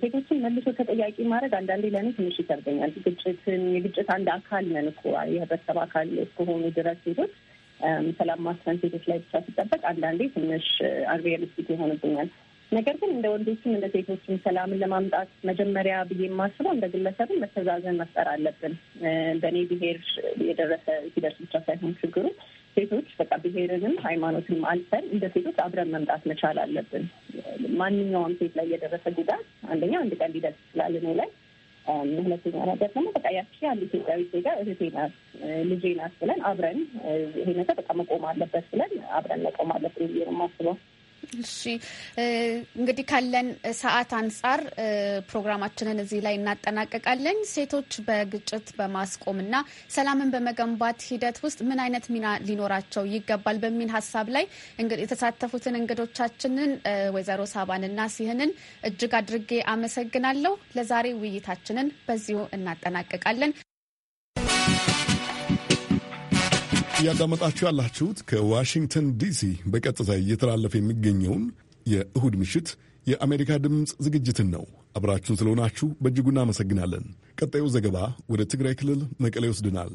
ሴቶችን መልሶ ተጠያቂ ማድረግ አንዳንዴ ለእኔ ትንሽ ይከብደኛል። ግጭትን የግጭት አንድ አካል ነን እኮ የህብረተሰብ አካል እስከሆኑ ድረስ ሴቶች ሰላም ማስፈን ሴቶች ላይ ብቻ ሲጠበቅ አንዳንዴ ትንሽ አንሪያሊስቲክ ይሆንብኛል። ነገር ግን እንደ ወንዶችም እንደ ሴቶችም ሰላምን ለማምጣት መጀመሪያ ብዬ የማስበው እንደ ግለሰብን መተዛዘን መፍጠር አለብን። በእኔ ብሄር የደረሰ ሲደርስ ብቻ ሳይሆን ችግሩ ሴቶች በቃ ብሔርንም ሃይማኖትንም አልፈን እንደ ሴቶች አብረን መምጣት መቻል አለብን። ማንኛውም ሴት ላይ የደረሰ ጉዳት አንደኛ አንድ ቀን ሊደርስ ይችላል እኔ ላይ፣ ሁለተኛ ነገር ደግሞ በቃ ያቺ አንድ ኢትዮጵያዊ ዜጋ እህቴ ናት፣ ልጄ ናት ብለን አብረን ይሄ ነገር በቃ መቆም አለበት ብለን አብረን መቆም አለብን ብዬ ነው የማስበው።
እሺ እንግዲህ ካለን ሰዓት አንጻር ፕሮግራማችንን እዚህ ላይ እናጠናቀቃለን። ሴቶች በግጭት በማስቆምና ሰላምን በመገንባት ሂደት ውስጥ ምን አይነት ሚና ሊኖራቸው ይገባል በሚል ሀሳብ ላይ የተሳተፉትን እንግዶቻችንን ወይዘሮ ሳባንና ሲህንን እጅግ አድርጌ አመሰግናለሁ። ለዛሬ ውይይታችንን በዚሁ እናጠናቀቃለን።
እያዳመጣችሁ ያላችሁት ከዋሽንግተን ዲሲ በቀጥታ እየተላለፈ የሚገኘውን የእሁድ ምሽት የአሜሪካ ድምፅ ዝግጅትን ነው። አብራችሁን ስለሆናችሁ በእጅጉ እናመሰግናለን። ቀጣዩ ዘገባ ወደ ትግራይ ክልል መቀሌ ይወስድናል።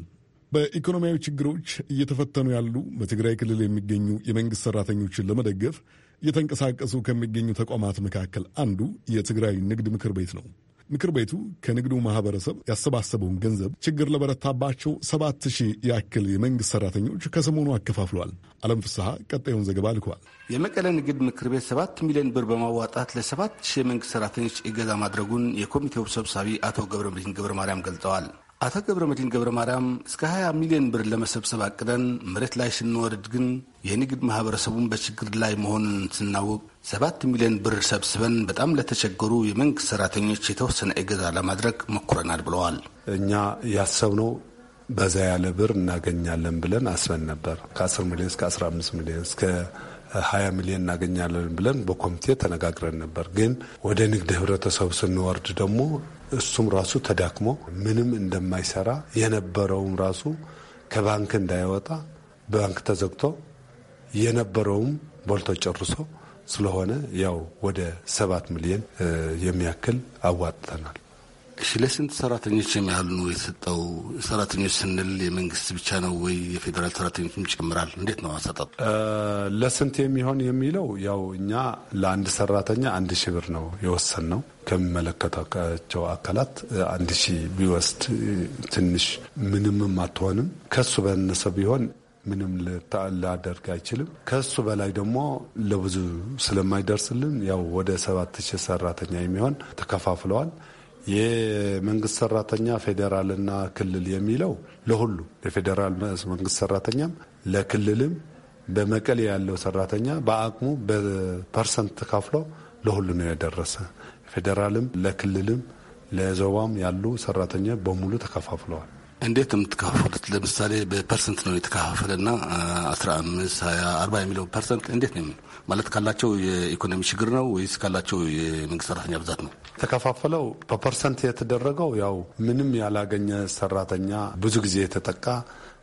በኢኮኖሚያዊ ችግሮች እየተፈተኑ ያሉ በትግራይ ክልል የሚገኙ የመንግሥት ሠራተኞችን ለመደገፍ እየተንቀሳቀሱ ከሚገኙ ተቋማት መካከል አንዱ የትግራይ ንግድ ምክር ቤት ነው። ምክር ቤቱ ከንግዱ ማህበረሰብ ያሰባሰበውን ገንዘብ ችግር ለበረታባቸው ሰባት ሺህ ያክል የመንግስት ሰራተኞች ከሰሞኑ አከፋፍሏል። አለም ፍስሐ ቀጣዩን ዘገባ ልከዋል።
የመቀለ ንግድ ምክር ቤት ሰባት ሚሊዮን ብር በማዋጣት ለሰባት ሺህ የመንግስት ሰራተኞች እገዛ ማድረጉን የኮሚቴው ሰብሳቢ አቶ ገብረ መድህን ገብረ ማርያም ገልጠዋል። አቶ ገብረ መድህን ገብረ ማርያም እስከ 20 ሚሊዮን ብር ለመሰብሰብ አቅደን መሬት ላይ ስንወርድ ግን የንግድ ማህበረሰቡን በችግር ላይ መሆኑን ስናውቅ ሰባት ሚሊዮን ብር ሰብስበን በጣም ለተቸገሩ የመንግስት ሰራተኞች የተወሰነ እገዛ ለማድረግ ሞክረናል ብለዋል። እኛ
ያሰብነው በዛ ያለ ብር እናገኛለን ብለን አስበን ነበር። ከ10 ሚሊዮን እስከ 15 ሚሊዮን እስከ 20 ሚሊዮን እናገኛለን ብለን በኮሚቴ ተነጋግረን ነበር። ግን ወደ ንግድ ህብረተሰቡ ስንወርድ ደግሞ እሱም ራሱ ተዳክሞ ምንም እንደማይሰራ የነበረውም ራሱ ከባንክ እንዳይወጣ ባንክ ተዘግቶ የነበረውም ቦልቶ ጨርሶ ስለሆነ ያው ወደ ሰባት ሚሊዮን
የሚያክል አዋጥተናል። እሺ ለስንት ሰራተኞች የሚያህል ነው የተሰጠው? ሰራተኞች ስንል የመንግስት ብቻ ነው ወይ የፌዴራል ሰራተኞችም ይጨምራል? እንዴት ነው አሰጣጡ?
ለስንት የሚሆን የሚለው ያው እኛ ለአንድ ሰራተኛ አንድ ሺህ ብር ነው የወሰን ነው ከሚመለከታቸው አካላት አንድ ሺህ ቢወስድ ትንሽ ምንም አትሆንም። ከሱ በነሰ ቢሆን ምንም ላደርግ አይችልም። ከሱ በላይ ደግሞ ለብዙ ስለማይደርስልን ያው ወደ ሰባት ሺህ ሰራተኛ የሚሆን ተከፋፍለዋል። የመንግስት ሰራተኛ ፌዴራልና ክልል የሚለው ለሁሉ የፌዴራል መንግስት ሰራተኛም ለክልልም በመቀሌ ያለው ሰራተኛ በአቅሙ በፐርሰንት ተካፍሎ ለሁሉ ነው የደረሰ። ፌዴራልም ለክልልም ለዞባም ያሉ ሰራተኛ በሙሉ ተከፋፍለዋል።
እንዴት የምትከፋፈሉት? ለምሳሌ በፐርሰንት ነው የተከፋፈለና አስራ አምስት ሀያ አርባ የሚለው ፐርሰንት እንዴት ነው ማለት ካላቸው የኢኮኖሚ ችግር ነው ወይስ ካላቸው የመንግስት ሰራተኛ ብዛት ነው የተከፋፈለው? በፐርሰንት የተደረገው ያው ምንም ያላገኘ
ሰራተኛ ብዙ ጊዜ የተጠቃ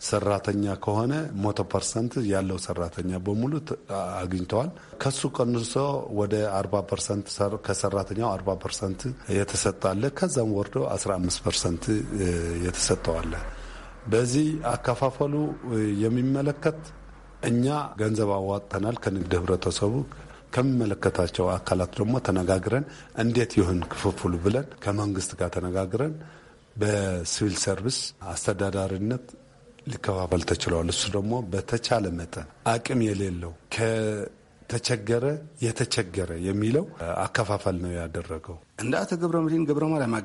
ሰራተኛ ከሆነ መቶ ፐርሰንት ያለው ሰራተኛ በሙሉ አግኝተዋል። ከሱ ቀንሶ ወደ አርባ ፐርሰንት ከሰራተኛው አርባ ፐርሰንት የተሰጣለ ከዛም ወርዶ አስራ አምስት ፐርሰንት የተሰጠዋለ። በዚህ አከፋፈሉ የሚመለከት እኛ ገንዘብ አዋጥተናል ከንግድ ህብረተሰቡ ከሚመለከታቸው አካላት ደግሞ ተነጋግረን እንዴት ይሁን ክፍፍሉ ብለን ከመንግስት ጋር ተነጋግረን በሲቪል ሰርቪስ አስተዳዳሪነት ሊከፋፈል ተችሏል። እሱ ደግሞ በተቻለ መጠን አቅም የሌለው ከተቸገረ የተቸገረ የሚለው አከፋፈል ነው
ያደረገው። እንደ አቶ ገብረ መድህን ገብረ ማርያም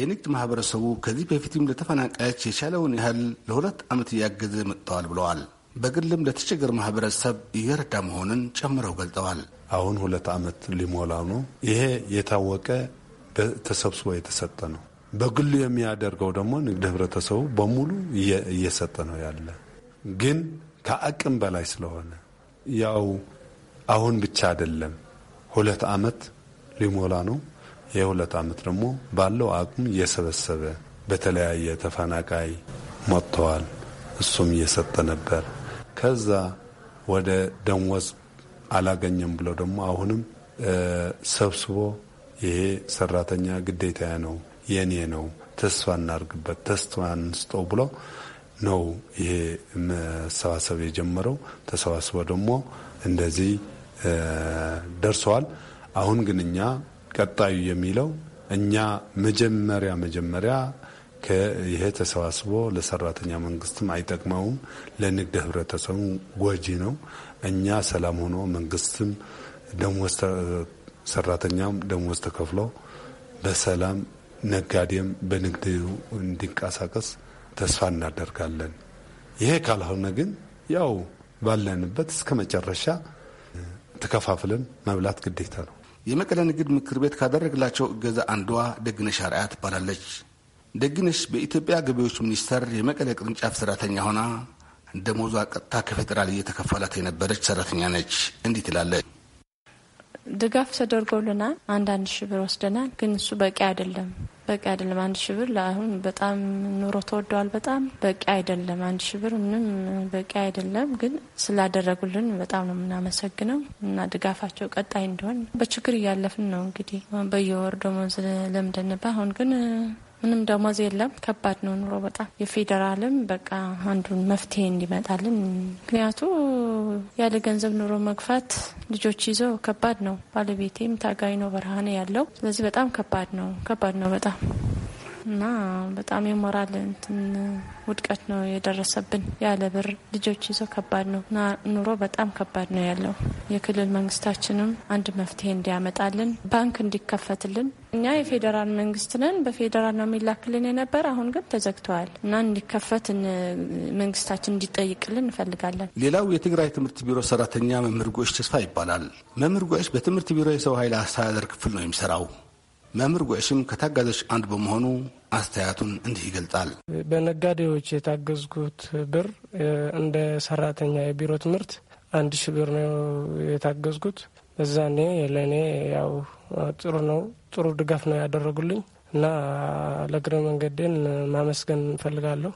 የንግድ ማህበረሰቡ ከዚህ በፊትም ለተፈናቃዮች የቻለውን ያህል ለሁለት ዓመት እያገዘ መጥተዋል ብለዋል። በግልም ለተቸገር ማህበረሰብ እየረዳ መሆኑን ጨምረው ገልጠዋል። አሁን ሁለት ዓመት ሊሞላ ነው።
ይሄ የታወቀ ተሰብስቦ የተሰጠ ነው። በግሉ የሚያደርገው ደግሞ ንግድ ህብረተሰቡ በሙሉ እየሰጠ ነው ያለ ግን ከአቅም በላይ ስለሆነ ያው አሁን ብቻ አይደለም ሁለት አመት ሊሞላ ነው። የሁለት አመት ደግሞ ባለው አቅም እየሰበሰበ በተለያየ ተፈናቃይ መጥተዋል። እሱም እየሰጠ ነበር። ከዛ ወደ ደንወዝ አላገኘም ብለው ደግሞ አሁንም ሰብስቦ ይሄ ሰራተኛ ግዴታ ነው የኔ ነው ተስፋ እናርግበት ተስፋ እንስጠው ብሎ ነው ይሄ መሰባሰብ የጀመረው። ተሰባስበው ደግሞ እንደዚህ ደርሰዋል። አሁን ግን እኛ ቀጣዩ የሚለው እኛ መጀመሪያ መጀመሪያ ይሄ ተሰባስቦ ለሰራተኛ መንግስትም አይጠቅመውም፣ ለንግድ ህብረተሰቡ ጎጂ ነው። እኛ ሰላም ሆኖ መንግስትም ደሞዝ ሰራተኛም ደሞዝ ተከፍሎ በሰላም ነጋዴም በንግድ እንዲንቀሳቀስ ተስፋ እናደርጋለን። ይሄ ካልሆነ ግን ያው ባለንበት
እስከ መጨረሻ ተከፋፍለን መብላት ግዴታ ነው። የመቀለ ንግድ ምክር ቤት ካደረግላቸው እገዛ አንዷ ደግነሽ አርአያ ትባላለች። ደግነሽ በኢትዮጵያ ገቢዎች ሚኒስቴር የመቀለ ቅርንጫፍ ሰራተኛ ሆና ደሞዟ ቀጥታ ከፌዴራል እየተከፈላት የነበረች ሰራተኛ ነች። እንዲህ ትላለች።
ድጋፍ ተደርጎልናል። አንዳንድ ሺህ ብር ወስደናል። ግን እሱ በቂ አይደለም በቂ አይደለም። አንድ ሺህ ብር በጣም ኑሮ ተወደዋል። በጣም በቂ አይደለም። አንድ ሺህ ብር ምንም በቂ አይደለም። ግን ስላደረጉልን በጣም ነው የምናመሰግነው እና ድጋፋቸው ቀጣይ እንዲሆን በችግር እያለፍን ነው እንግዲህ በየወር ደሞዝ ለምደንባ አሁን ግን ምንም ደሞዝ የለም። ከባድ ነው ኑሮ በጣም የፌዴራልም በቃ አንዱን መፍትሄ እንዲመጣልን። ምክንያቱ ያለ ገንዘብ ኑሮ መግፋት ልጆች ይዞ ከባድ ነው። ባለቤቴም ታጋይ ነው፣ በረሃ ነው ያለው። ስለዚህ በጣም ከባድ ነው፣ ከባድ ነው በጣም እና በጣም የሞራል እንትን ውድቀት ነው የደረሰብን። ያለ ብር ልጆች ይዞ ከባድ ነው እና ኑሮ በጣም ከባድ ነው ያለው። የክልል መንግስታችንም አንድ መፍትሄ እንዲያመጣልን፣ ባንክ እንዲከፈትልን። እኛ የፌዴራል መንግስት ነን፣ በፌዴራል ነው የሚላክልን የነበረ አሁን ግን ተዘግተዋል እና እንዲከፈት መንግስታችን እንዲጠይቅልን እንፈልጋለን።
ሌላው የትግራይ ትምህርት ቢሮ ሰራተኛ መምህር ጎሽ ተስፋ ይባላል። መምህር ጎሽ በትምህርት ቢሮ የሰው ኃይል አስተዳደር ክፍል ነው የሚሰራው። መምህር ጉዕሽም ከታጋዞች አንድ በመሆኑ አስተያየቱን እንዲህ ይገልጻል።
በነጋዴዎች የታገዝኩት ብር እንደ ሰራተኛ የቢሮ ትምህርት አንድ ሺ ብር ነው የታገዝኩት። በዛኔ ለእኔ ያው ጥሩ ነው፣ ጥሩ ድጋፍ ነው ያደረጉልኝ እና ለእግረ መንገዴን ማመስገን እንፈልጋለሁ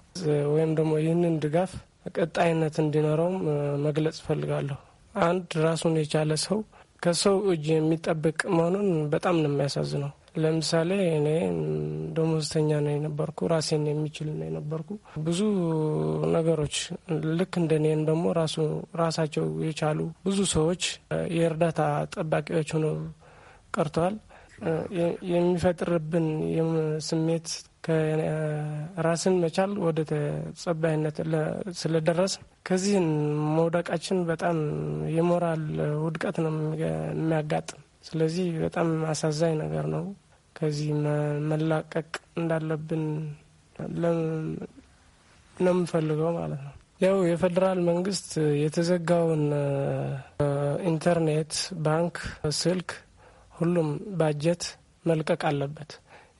ወይም ደግሞ ይህንን ድጋፍ ቀጣይነት እንዲኖረውም መግለጽ እፈልጋለሁ። አንድ ራሱን የቻለ ሰው ከሰው እጅ የሚጠብቅ መሆኑን በጣም ነው የሚያሳዝነው። ለምሳሌ እኔ ደሞዝተኛ ነው የነበርኩ፣ ራሴን የሚችል ነው የነበርኩ። ብዙ ነገሮች ልክ እንደኔን ደግሞ ራሱ ራሳቸው የቻሉ ብዙ ሰዎች የእርዳታ ጠባቂዎች ሆነው ቀርተዋል። የሚፈጥርብን ስሜት ከራስን መቻል ወደ ተጸባይነት ስለደረስ ከዚህን መውደቃችን በጣም የሞራል ውድቀት ነው የሚያጋጥም። ስለዚህ በጣም አሳዛኝ ነገር ነው። ከዚህ መላቀቅ እንዳለብን ነው የምፈልገው ማለት ነው። ያው የፌዴራል መንግስት የተዘጋውን ኢንተርኔት፣ ባንክ፣ ስልክ፣ ሁሉም ባጀት መልቀቅ አለበት።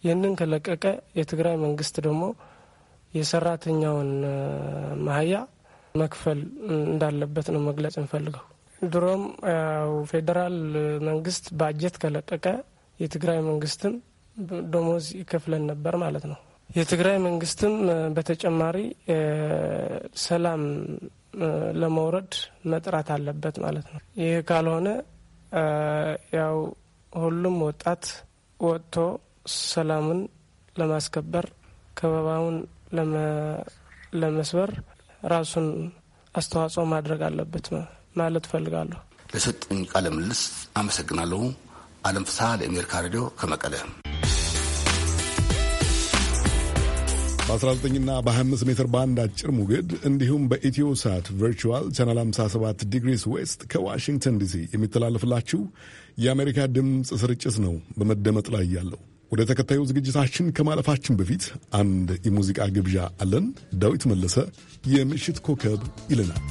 ይህንን ከለቀቀ የትግራይ መንግስት ደግሞ የሰራተኛውን መሀያ መክፈል እንዳለበት ነው መግለጽ እንፈልገው። ድሮም ያው ፌዴራል መንግስት ባጀት ከለቀቀ የትግራይ መንግስትም ደሞዝ ይከፍለን ነበር ማለት ነው። የትግራይ መንግስትም በተጨማሪ ሰላም ለመውረድ መጥራት አለበት ማለት ነው። ይህ ካልሆነ ያው ሁሉም ወጣት ወጥቶ ሰላሙን ለማስከበር ከበባውን ለመስበር ራሱን አስተዋጽኦ ማድረግ አለበት ማለት ፈልጋለሁ።
ለሰጠኝ ቃለ ምልልስ አመሰግናለሁ። አለም ፍስሐ ለአሜሪካ ሬዲዮ ከመቀለ።
በ19ና በ25 ሜትር ባንድ አጭር ሞገድ እንዲሁም በኢትዮ ሳት ቨርቹዋል ቻናል 57 ዲግሪስ ዌስት ከዋሽንግተን ዲሲ የሚተላለፍላችሁ የአሜሪካ ድምፅ ስርጭት ነው በመደመጥ ላይ ያለው። ወደ ተከታዩ ዝግጅታችን ከማለፋችን በፊት አንድ የሙዚቃ ግብዣ አለን። ዳዊት መለሰ የምሽት ኮከብ ይለናል።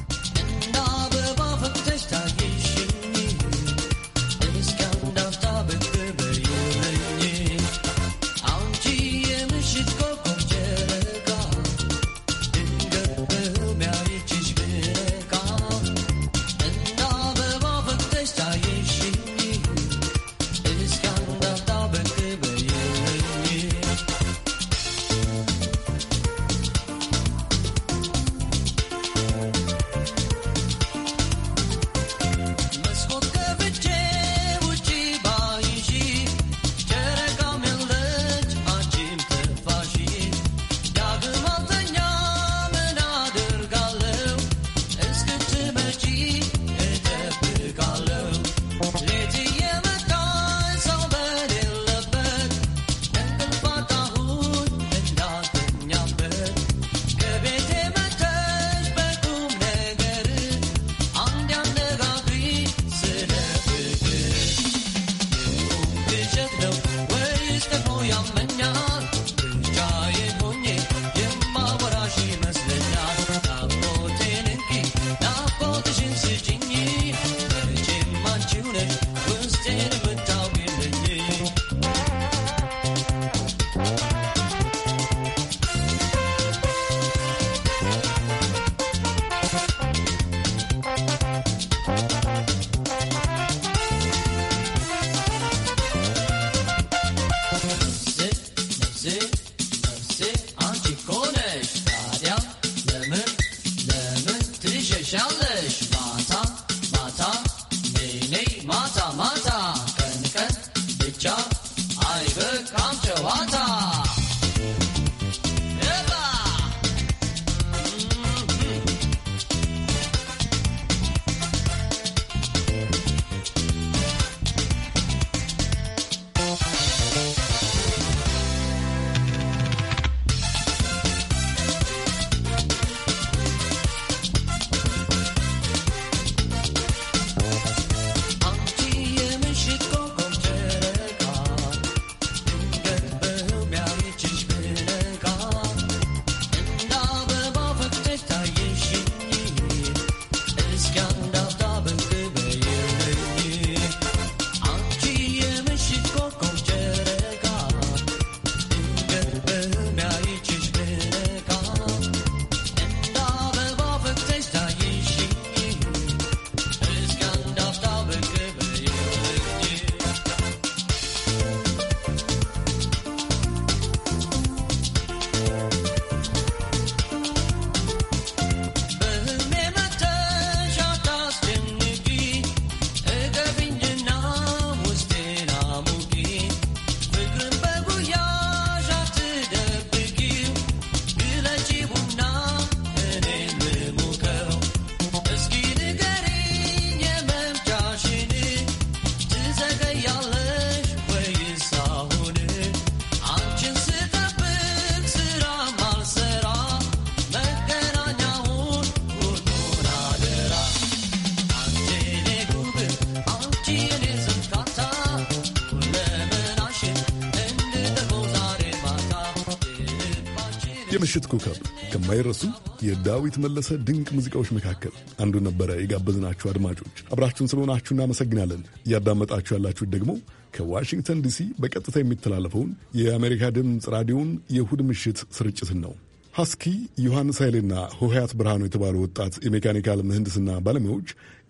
ምሽት ኮከብ ከማይረሱ የዳዊት መለሰ ድንቅ ሙዚቃዎች መካከል አንዱ ነበረ የጋበዝናችሁ አድማጮች አብራችሁን ስለሆናችሁ እናመሰግናለን። እያዳመጣችሁ ያላችሁት ደግሞ ከዋሽንግተን ዲሲ በቀጥታ የሚተላለፈውን የአሜሪካ ድምፅ ራዲዮን የእሁድ ምሽት ስርጭትን ነው። ሐስኪ ዮሐንስ ኃይሌና ሆሄያት ብርሃኑ የተባሉ ወጣት የሜካኒካል ምህንድስና ባለሙያዎች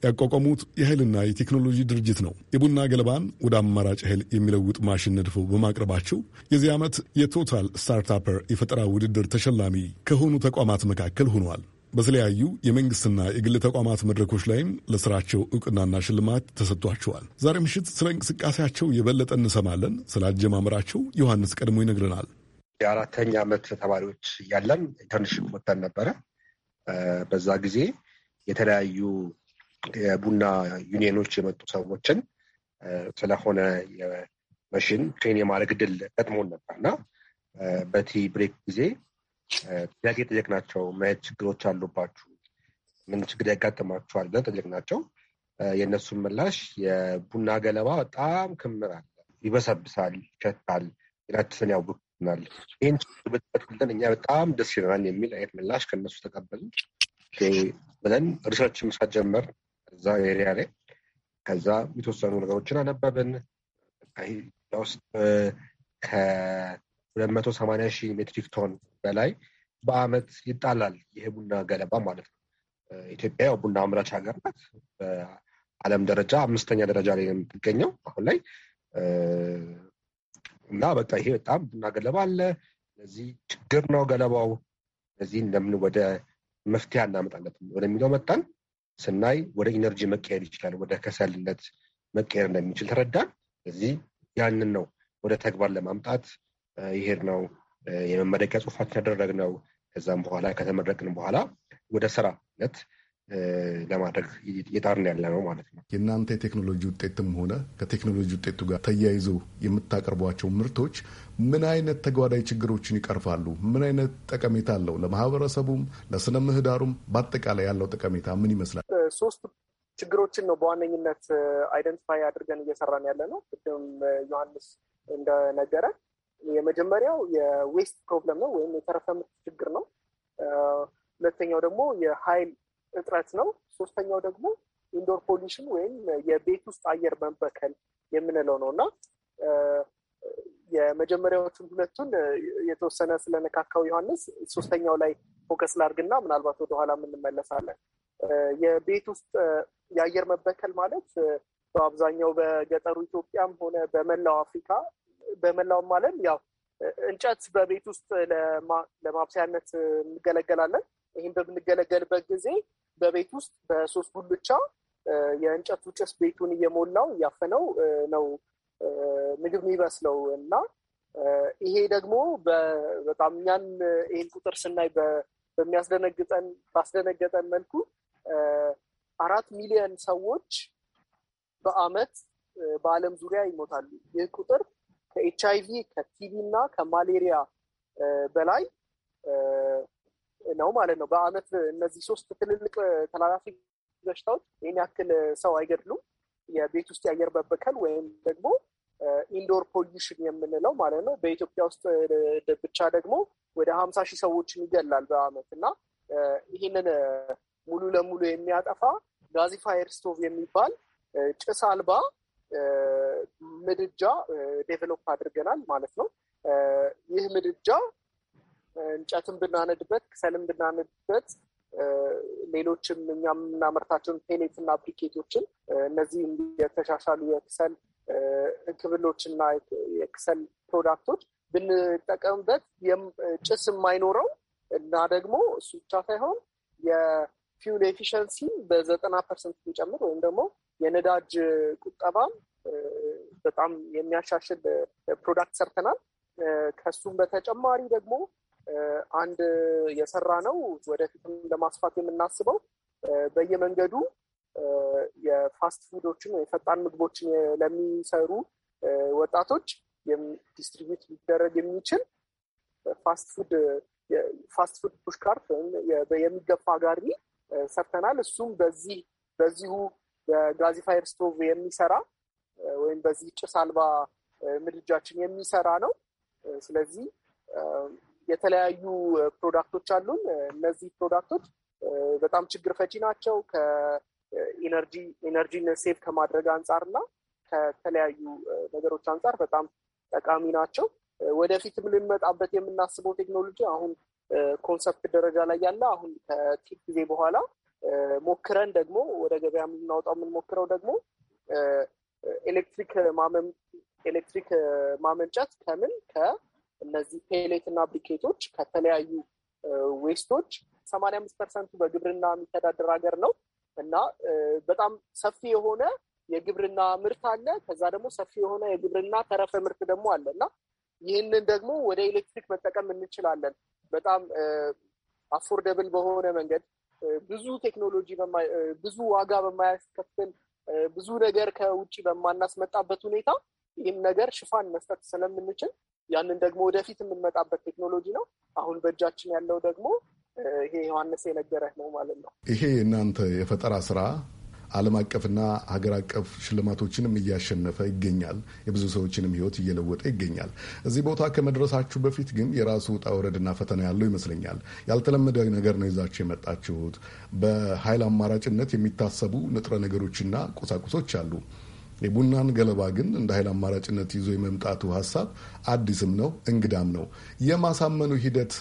ያቋቋሙት የኃይልና የቴክኖሎጂ ድርጅት ነው። የቡና ገለባን ወደ አማራጭ ኃይል የሚለውጥ ማሽን ነድፈው በማቅረባቸው የዚህ ዓመት የቶታል ስታርታፐር የፈጠራ ውድድር ተሸላሚ ከሆኑ ተቋማት መካከል ሆኗል። በተለያዩ የመንግስትና የግል ተቋማት መድረኮች ላይም ለስራቸው እውቅናና ሽልማት ተሰጥቷቸዋል። ዛሬ ምሽት ስለ እንቅስቃሴያቸው የበለጠ እንሰማለን። ስለ አጀማመራቸው ዮሐንስ ቀድሞ ይነግረናል።
የአራተኛ ዓመት ተማሪዎች እያለን ኢንተርንሽፕ ወጥተን ነበረ። በዛ ጊዜ የተለያዩ የቡና ዩኒየኖች የመጡ ሰዎችን ስለሆነ የመሽን ትሬን የማድረግ ድል ገጥሞን ነበር እና በቲ ብሬክ ጊዜ ጥያቄ ጠየቅናቸው። መሄድ ችግሮች አሉባችሁ፣ ምን ችግር ያጋጥማችኋል ብለን ጠየቅናቸው። የእነሱን ምላሽ የቡና ገለባ በጣም ክምር አለ፣ ይበሰብሳል፣ ይሸታል፣ ጤናችንን ያውክናል። ይህን ችግር ብለን እኛ በጣም ደስ ይለናል የሚል አይነት ምላሽ ከእነሱ ተቀበልን ብለን ሪሰርች መስራት ጀመር። እዛ ኤሪያ ላይ ከዛ የተወሰኑ ነገሮችን አነበብን። ውስጥ ከሁለት መቶ ሰማንያ ሺህ ሜትሪክ ቶን በላይ በአመት ይጣላል። ይሄ ቡና ገለባ ማለት ነው። ኢትዮጵያ ያው ቡና አምራች ሀገር ናት። በዓለም ደረጃ አምስተኛ ደረጃ ላይ የምትገኘው አሁን ላይ እና በቃ ይሄ በጣም ቡና ገለባ አለ። ለዚህ ችግር ነው ገለባው። ለዚህ እንደምን ወደ መፍትሄ እናመጣለን ወደሚለው መጣን። ስናይ ወደ ኢነርጂ መቀየር ይችላል፣ ወደ ከሰልነት መቀየር እንደሚችል ተረዳን። ስለዚህ ያንን ነው ወደ ተግባር ለማምጣት ይሄድ ነው የመመረቂያ ያደረግ ያደረግነው። ከዛም በኋላ ከተመረቅን በኋላ ወደ ስራነት ለማድረግ የጣርን
ያለ ነው ማለት ነው። የእናንተ የቴክኖሎጂ ውጤትም ሆነ ከቴክኖሎጂ ውጤቱ ጋር ተያይዞ የምታቀርቧቸው ምርቶች ምን አይነት ተጓዳኝ ችግሮችን ይቀርፋሉ? ምን አይነት ጠቀሜታ አለው? ለማህበረሰቡም፣ ለስነ ምህዳሩም በአጠቃላይ ያለው ጠቀሜታ ምን ይመስላል?
ሶስት ችግሮችን ነው በዋነኝነት አይደንቲፋይ አድርገን እየሰራን ያለ ነው። ቅድም ዮሐንስ እንደነገረ የመጀመሪያው የዌስት ፕሮብለም ነው ወይም የተረፈ ምርት ችግር ነው። ሁለተኛው ደግሞ የኃይል እጥረት ነው። ሶስተኛው ደግሞ ኢንዶር ፖሊሽን ወይም የቤት ውስጥ አየር መበከል የምንለው ነው እና የመጀመሪያዎቹን ሁለቱን የተወሰነ ስለነካካው ዮሐንስ ሶስተኛው ላይ ፎከስ ላድርግና ምናልባት ወደኋላ የምንመለሳለን። የቤት ውስጥ የአየር መበከል ማለት በአብዛኛው በገጠሩ ኢትዮጵያም ሆነ በመላው አፍሪካ በመላውም ዓለም ያው እንጨት በቤት ውስጥ ለማብሰያነት እንገለገላለን። ይህም በምንገለገልበት ጊዜ በቤት ውስጥ በሶስት ጉልቻ የእንጨቱ ጭስ ቤቱን እየሞላው እያፈነው ነው ምግብ የሚበስለው እና ይሄ ደግሞ በጣም እኛን ይህን ቁጥር ስናይ በሚያስደነግጠን ባስደነገጠን መልኩ አራት ሚሊዮን ሰዎች በአመት በአለም ዙሪያ ይሞታሉ። ይህ ቁጥር ከኤች አይቪ ከቲቪ እና ከማሌሪያ በላይ ነው ማለት ነው። በአመት እነዚህ ሶስት ትልልቅ ተላላፊ በሽታዎች ይህን ያክል ሰው አይገድሉም። የቤት ውስጥ የአየር መበከል ወይም ደግሞ ኢንዶር ፖሊሽን የምንለው ማለት ነው። በኢትዮጵያ ውስጥ ብቻ ደግሞ ወደ ሀምሳ ሺህ ሰዎችን ይገላል በአመት እና ይህንን ሙሉ ለሙሉ የሚያጠፋ ጋዚፋየር ስቶቭ የሚባል ጭስ አልባ ምድጃ ዴቨሎፕ አድርገናል ማለት ነው። ይህ ምድጃ እንጨትን ብናነድበት፣ ክሰልን ብናነድበት፣ ሌሎችም እኛ የምናመርታቸውን ፔሌት እና ብሪኬቶችን እነዚህ የተሻሻሉ የክሰል ክብሎችና የክሰል ፕሮዳክቶች ብንጠቀምበት ጭስ የማይኖረው እና ደግሞ እሱ ብቻ ሳይሆን ፊውል ኤፊሸንሲ በዘጠና ፐርሰንት ሊጨምር ወይም ደግሞ የነዳጅ ቁጠባም በጣም የሚያሻሽል ፕሮዳክት ሰርተናል። ከሱም በተጨማሪ ደግሞ አንድ የሰራ ነው ወደፊትም ለማስፋት የምናስበው በየመንገዱ የፋስት ፉዶችን የፈጣን ምግቦችን ለሚሰሩ ወጣቶች ዲስትሪቢዩት ሊደረግ የሚችል ፋስት ፉድ ፋስት ፉድ ፑሽ ካርት የሚገፋ ጋሪ ሰርተናል። እሱም በዚህ በዚሁ በጋዚፋየር ስቶቭ የሚሰራ ወይም በዚህ ጭስ አልባ ምድጃችን የሚሰራ ነው። ስለዚህ የተለያዩ ፕሮዳክቶች አሉን። እነዚህ ፕሮዳክቶች በጣም ችግር ፈቺ ናቸው ከኢነርጂ ኢነርጂን ሴቭ ከማድረግ አንጻር እና ከተለያዩ ነገሮች አንጻር በጣም ጠቃሚ ናቸው። ወደፊትም ልንመጣበት የምናስበው ቴክኖሎጂ አሁን ኮንሰፕት ደረጃ ላይ ያለ አሁን ከጥቂት ጊዜ በኋላ ሞክረን ደግሞ ወደ ገበያ የምናወጣው የምንሞክረው ደግሞ ኤሌክትሪክ ኤሌክትሪክ ማመንጨት ከምን ከእነዚህ ፔሌት እና ብሪኬቶች ከተለያዩ ዌስቶች ሰማንያ አምስት ፐርሰንቱ በግብርና የሚተዳደር ሀገር ነው እና በጣም ሰፊ የሆነ የግብርና ምርት አለ። ከዛ ደግሞ ሰፊ የሆነ የግብርና ተረፈ ምርት ደግሞ አለ እና ይህንን ደግሞ ወደ ኤሌክትሪክ መጠቀም እንችላለን። በጣም አፎርደብል በሆነ መንገድ ብዙ ቴክኖሎጂ ብዙ ዋጋ በማያስከፍል ብዙ ነገር ከውጭ በማናስመጣበት ሁኔታ ይህን ነገር ሽፋን መስጠት ስለምንችል ያንን ደግሞ ወደፊት የምንመጣበት ቴክኖሎጂ ነው። አሁን በእጃችን ያለው ደግሞ ይሄ ዮሐንስ የነገረህ ነው ማለት ነው።
ይሄ እናንተ የፈጠራ ስራ ዓለም አቀፍና ሀገር አቀፍ ሽልማቶችንም እያሸነፈ ይገኛል። የብዙ ሰዎችንም ህይወት እየለወጠ ይገኛል። እዚህ ቦታ ከመድረሳችሁ በፊት ግን የራሱ ውጣ ውረድና ፈተና ያለው ይመስለኛል። ያልተለመደ ነገር ነው ይዛችሁ የመጣችሁት። በኃይል አማራጭነት የሚታሰቡ ንጥረ ነገሮችና ቁሳቁሶች አሉ። የቡናን ገለባ ግን እንደ ኃይል አማራጭነት ይዞ የመምጣቱ ሀሳብ አዲስም ነው እንግዳም ነው። የማሳመኑ ሂደት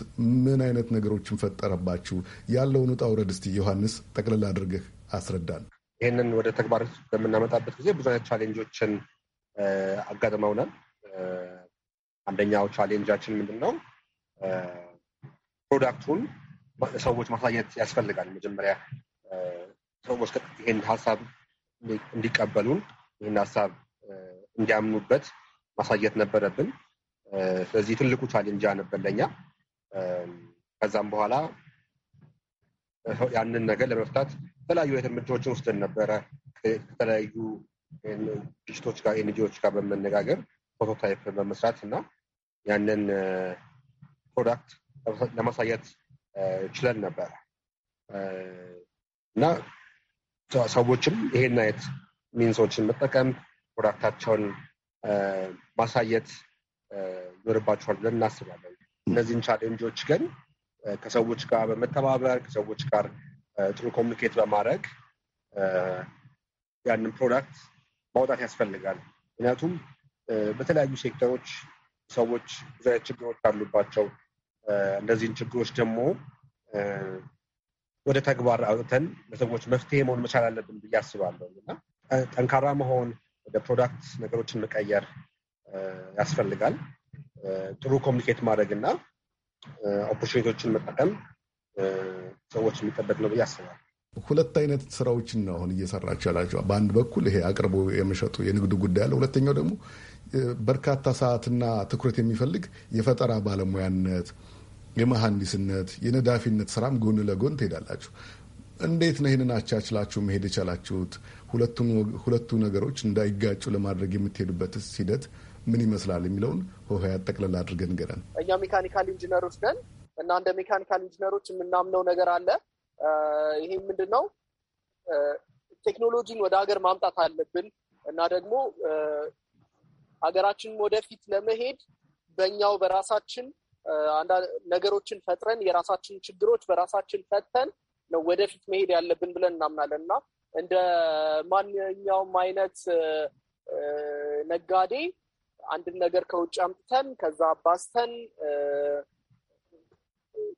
ምን አይነት ነገሮችን ፈጠረባችሁ? ያለውን ውጣ ውረድ እስቲ ዮሐንስ ጠቅልላ አድርገህ አስረዳን።
ይህንን ወደ ተግባር በምናመጣበት ጊዜ ብዙ አይነት ቻሌንጆችን አጋጥመውናል። አንደኛው ቻሌንጃችን ምንድን ነው? ፕሮዳክቱን ሰዎች ማሳየት ያስፈልጋል። መጀመሪያ ሰዎች ይህን ሀሳብ እንዲቀበሉን ይህን ሀሳብ እንዲያምኑበት ማሳየት ነበረብን። ስለዚህ ትልቁ ቻሌንጅ ነበር ለኛ። ከዛም በኋላ ያንን ነገር ለመፍታት የተለያዩ አይነት እርምጃዎችን ወስደን ነበረ። ከተለያዩ ድርጅቶች ጋር ኤንጂዎች ጋር በመነጋገር ፕሮቶታይፕ በመስራት እና ያንን ፕሮዳክት ለማሳየት ችለን ነበረ እና ሰዎችም ይሄን አይነት ሚንሶችን መጠቀም ፕሮዳክታቸውን ማሳየት ይኖርባቸዋል ብለን እናስባለን። እነዚህን ቻሌንጆች ግን ከሰዎች ጋር በመተባበር ከሰዎች ጋር ጥሩ ኮሚኒኬት በማድረግ ያንን ፕሮዳክት ማውጣት ያስፈልጋል። ምክንያቱም በተለያዩ ሴክተሮች ሰዎች ብዙ አይነት ችግሮች አሉባቸው። እነዚህን ችግሮች ደግሞ ወደ ተግባር አውጥተን ለሰዎች መፍትሄ መሆን መቻል አለብን ብዬ አስባለሁ እና ጠንካራ መሆን ወደ ፕሮዳክት ነገሮችን መቀየር ያስፈልጋል። ጥሩ ኮሚኒኬት ማድረግ እና ኦፖርቹኒቲዎችን መጠቀም ሰዎች የሚጠበቅ ነው ብዬ አስባለሁ።
ሁለት አይነት ስራዎችን ነው አሁን እየሰራችሁ ያላቸው። በአንድ በኩል ይሄ አቅርቦ የመሸጡ የንግዱ ጉዳይ አለ። ሁለተኛው ደግሞ በርካታ ሰዓትና ትኩረት የሚፈልግ የፈጠራ ባለሙያነት፣ የመሐንዲስነት፣ የነዳፊነት ስራም ጎን ለጎን ትሄዳላችሁ። እንዴት ነው ይህንን አቻችላችሁ መሄድ የቻላችሁት? ሁለቱ ነገሮች እንዳይጋጩ ለማድረግ የምትሄዱበት ሂደት ምን ይመስላል የሚለውን ሆሄ ጠቅለል አድርገን ገረን
እኛ ሜካኒካል ኢንጂነሮች ነን። እና እንደ ሜካኒካል ኢንጂነሮች የምናምነው ነገር አለ። ይሄ ምንድን ነው? ቴክኖሎጂን ወደ ሀገር ማምጣት አለብን እና ደግሞ ሀገራችንን ወደፊት ለመሄድ በእኛው በራሳችን ነገሮችን ፈጥረን የራሳችን ችግሮች በራሳችን ፈተን ነው ወደፊት መሄድ ያለብን ብለን እናምናለን እና እንደ ማንኛውም አይነት ነጋዴ አንድን ነገር ከውጭ አምጥተን ከዛ አባስተን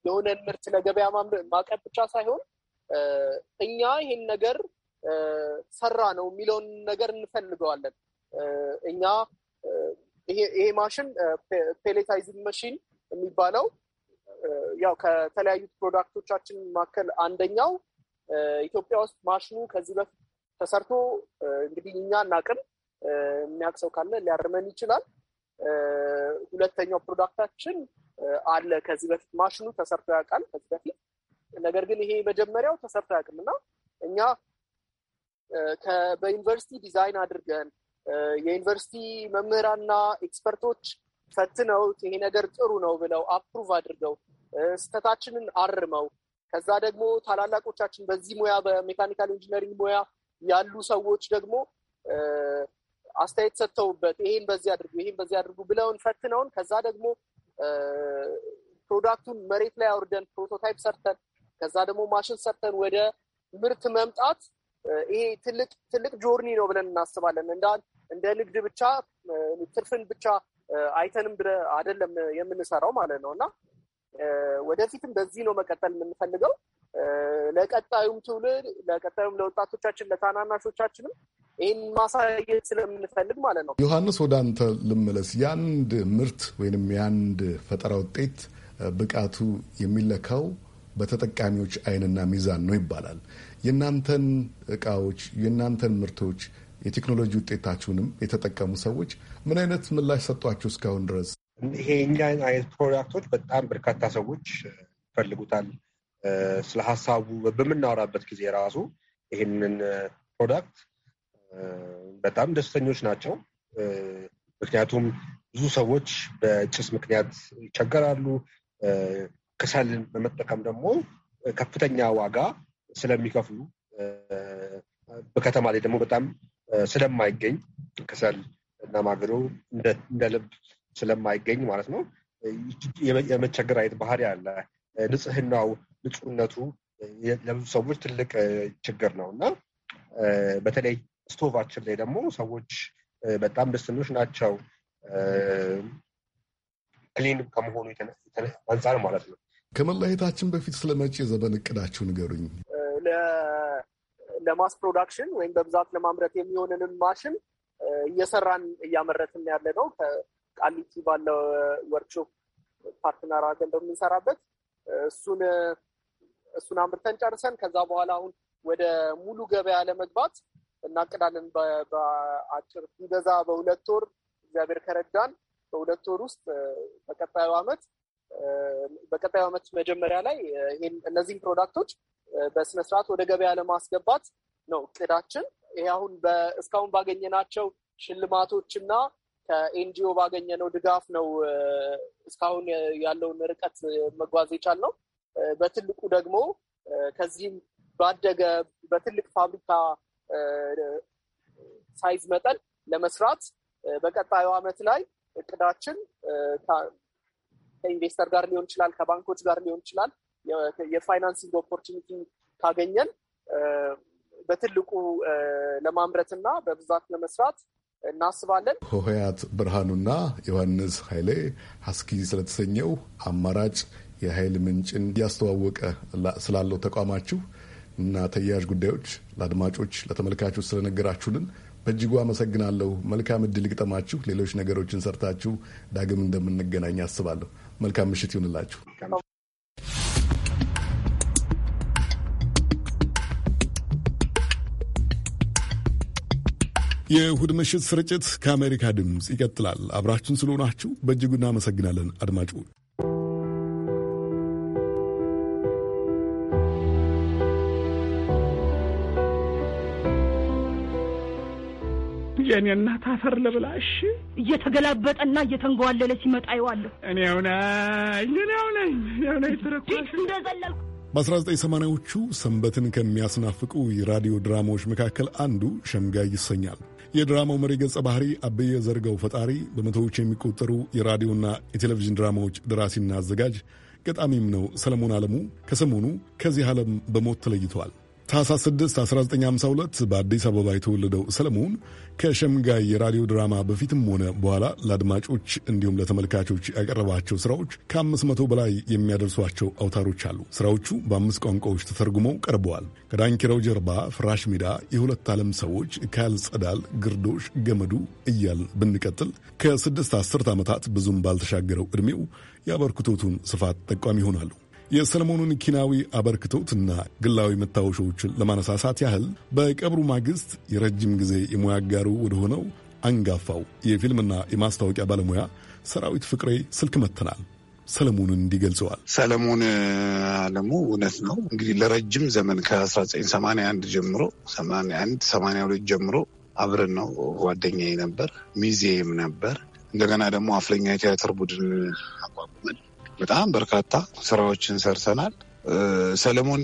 የሆነን ምርት ለገበያ ማቅረብ ብቻ ሳይሆን እኛ ይህን ነገር ሰራ ነው የሚለውን ነገር እንፈልገዋለን። እኛ ይሄ ማሽን ፔሌታይዝን መሽን የሚባለው ያው ከተለያዩ ፕሮዳክቶቻችን መካከል አንደኛው ኢትዮጵያ ውስጥ ማሽኑ ከዚህ በፊት ተሰርቶ እንግዲህ እኛ እናቅም፣ የሚያቅሰው ሰው ካለ ሊያርመን ይችላል። ሁለተኛው ፕሮዳክታችን አለ። ከዚህ በፊት ማሽኑ ተሰርቶ ያውቃል ከዚህ በፊት ነገር ግን ይሄ መጀመሪያው ተሰርቶ አያውቅም እና እኛ በዩኒቨርሲቲ ዲዛይን አድርገን የዩኒቨርሲቲ መምህራንና ኤክስፐርቶች ፈትነውት ይሄ ነገር ጥሩ ነው ብለው አፕሩቭ አድርገው ስህተታችንን አርመው ከዛ ደግሞ ታላላቆቻችን በዚህ ሙያ በሜካኒካል ኢንጂነሪንግ ሙያ ያሉ ሰዎች ደግሞ አስተያየት ሰጥተውበት ይሄን በዚህ አድርጉ፣ ይሄን በዚህ አድርጉ ብለውን ፈትነውን ከዛ ደግሞ ፕሮዳክቱን መሬት ላይ አውርደን ፕሮቶታይፕ ሰርተን ከዛ ደግሞ ማሽን ሰርተን ወደ ምርት መምጣት ይሄ ትልቅ ትልቅ ጆርኒ ነው ብለን እናስባለን። እንደ ንግድ ብቻ ትርፍን ብቻ አይተንም ብለ አይደለም የምንሰራው ማለት ነው እና ወደፊትም በዚህ ነው መቀጠል የምንፈልገው። ለቀጣዩም ትውልድ ለቀጣዩም ለወጣቶቻችን ለታናናሾቻችንም ይህን ማሳየት ስለምንፈልግ ማለት ነው።
ዮሐንስ ወደ አንተ ልመለስ። የአንድ ምርት ወይንም የአንድ ፈጠራ ውጤት ብቃቱ የሚለካው በተጠቃሚዎች አይንና ሚዛን ነው ይባላል። የእናንተን እቃዎች፣ የእናንተን ምርቶች፣ የቴክኖሎጂ ውጤታችሁንም የተጠቀሙ ሰዎች ምን አይነት ምላሽ ሰጧችሁ እስካሁን ድረስ?
ይሄ እኛን አይነት ፕሮዳክቶች በጣም በርካታ ሰዎች ይፈልጉታል። ስለ ሀሳቡ በምናወራበት ጊዜ ራሱ ይህንን ፕሮዳክት በጣም ደስተኞች ናቸው። ምክንያቱም ብዙ ሰዎች በጭስ ምክንያት ይቸገራሉ። ከሰልን በመጠቀም ደግሞ ከፍተኛ ዋጋ ስለሚከፍሉ በከተማ ላይ ደግሞ በጣም ስለማይገኝ ከሰል እና ማገዶ እንደ ልብ ስለማይገኝ ማለት ነው የመቸገር አይነት ባህሪ አለ። ንጽህናው፣ ንጹህነቱ ለብዙ ሰዎች ትልቅ ችግር ነው እና በተለይ ስቶቫችን ላይ ደግሞ ሰዎች በጣም ደስተኞች ናቸው።
ክሊን ከመሆኑ አንጻር ማለት ነው።
ከመለየታችን በፊት ስለ መጪ ዘመን እቅዳችሁ ንገሩኝ።
ለማስ ፕሮዳክሽን ወይም በብዛት ለማምረት የሚሆንንን ማሽን እየሰራን እያመረትን ያለ ነው። ከቃሊቲ ባለው ወርክሾፕ ፓርትነር አድርገን በምንሰራበት እሱን እሱን አምርተን ጨርሰን ከዛ በኋላ አሁን ወደ ሙሉ ገበያ ለመግባት እናቅዳለን። በአጭር ቢበዛ በሁለት ወር እግዚአብሔር ከረዳን በሁለት ወር ውስጥ በቀጣዩ ዓመት በቀጣዩ ዓመት መጀመሪያ ላይ ይህን እነዚህን ፕሮዳክቶች በስነስርዓት ወደ ገበያ ለማስገባት ነው እቅዳችን። ይሄ አሁን እስካሁን ባገኘናቸው ሽልማቶችና ከኤንጂኦ ባገኘነው ድጋፍ ነው እስካሁን ያለውን ርቀት መጓዝ የቻልነው። በትልቁ ደግሞ ከዚህም ባደገ በትልቅ ፋብሪካ ሳይዝ መጠን ለመስራት በቀጣዩ አመት ላይ እቅዳችን ከኢንቨስተር ጋር ሊሆን ይችላል፣ ከባንኮች ጋር ሊሆን ይችላል። የፋይናንሲንግ ኦፖርቹኒቲ ካገኘን በትልቁ ለማምረት እና በብዛት ለመስራት እናስባለን።
ሆህያት ብርሃኑና ዮሐንስ ኃይሌ ሀስኪ ስለተሰኘው አማራጭ የኃይል ምንጭን እያስተዋወቀ ስላለው ተቋማችሁ እና ተያያዥ ጉዳዮች ለአድማጮች ለተመልካቾች ስለነገራችሁልን በእጅጉ አመሰግናለሁ። መልካም እድል ግጠማችሁ ሌሎች ነገሮችን ሰርታችሁ ዳግም እንደምንገናኝ አስባለሁ። መልካም ምሽት ይሁንላችሁ። የእሁድ ምሽት ስርጭት ከአሜሪካ ድምፅ ይቀጥላል። አብራችን ስለሆናችሁ በእጅጉ እናመሰግናለን አድማጮች።
የእኔ እናት አፈር ለብላሽ እየተገላበጠና እየተንገዋለለ ሲመጣ ይዋለሁ እኔ ውነኝ እኔ ውነኝ ነኝ ትርኩሽ
እንደዘለልኩ
በ1980ዎቹ ሰንበትን ከሚያስናፍቁ የራዲዮ ድራማዎች መካከል አንዱ ሸምጋይ ይሰኛል። የድራማው መሪ ገጸ ባህሪ አበየ ዘርጋው ፈጣሪ በመቶዎች የሚቆጠሩ የራዲዮና የቴሌቪዥን ድራማዎች ደራሲና አዘጋጅ ገጣሚም ነው። ሰለሞን አለሙ ከሰሞኑ ከዚህ ዓለም በሞት ተለይተዋል። ታህሳስ 6 1952 በአዲስ አበባ የተወለደው ሰለሞን ከሸምጋይ የራዲዮ ድራማ በፊትም ሆነ በኋላ ለአድማጮች እንዲሁም ለተመልካቾች ያቀረባቸው ስራዎች ከ500 በላይ የሚያደርሷቸው አውታሮች አሉ። ስራዎቹ በአምስት ቋንቋዎች ተተርጉመው ቀርበዋል። ከዳንኪራው ጀርባ፣ ፍራሽ ሜዳ፣ የሁለት ዓለም ሰዎች፣ ካል ጸዳል፣ ግርዶሽ፣ ገመዱ እያል ብንቀጥል ከስድስት አስርት ዓመታት ብዙም ባልተሻገረው ዕድሜው የአበርክቶቱን ስፋት ጠቋሚ ይሆናሉ። የሰለሞኑን ኪናዊ አበርክቶትና ግላዊ መታወሻዎችን ለማነሳሳት ያህል በቀብሩ ማግስት የረጅም ጊዜ የሙያ አጋሩ ወደሆነው አንጋፋው የፊልምና የማስታወቂያ ባለሙያ ሰራዊት ፍቅሬ ስልክ መትናል ሰለሞንን እንዲህ ገልጸዋል። ሰለሞን አለሙ
እውነት ነው እንግዲህ ለረጅም ዘመን ከ1981 ጀምሮ 81 82 ጀምሮ አብረን ነው ጓደኛዬ ነበር። ሚዜም ነበር። እንደገና ደግሞ አፍለኛ የቴያትር ቡድን አቋቁመን በጣም በርካታ ስራዎችን ሰርተናል። ሰለሞን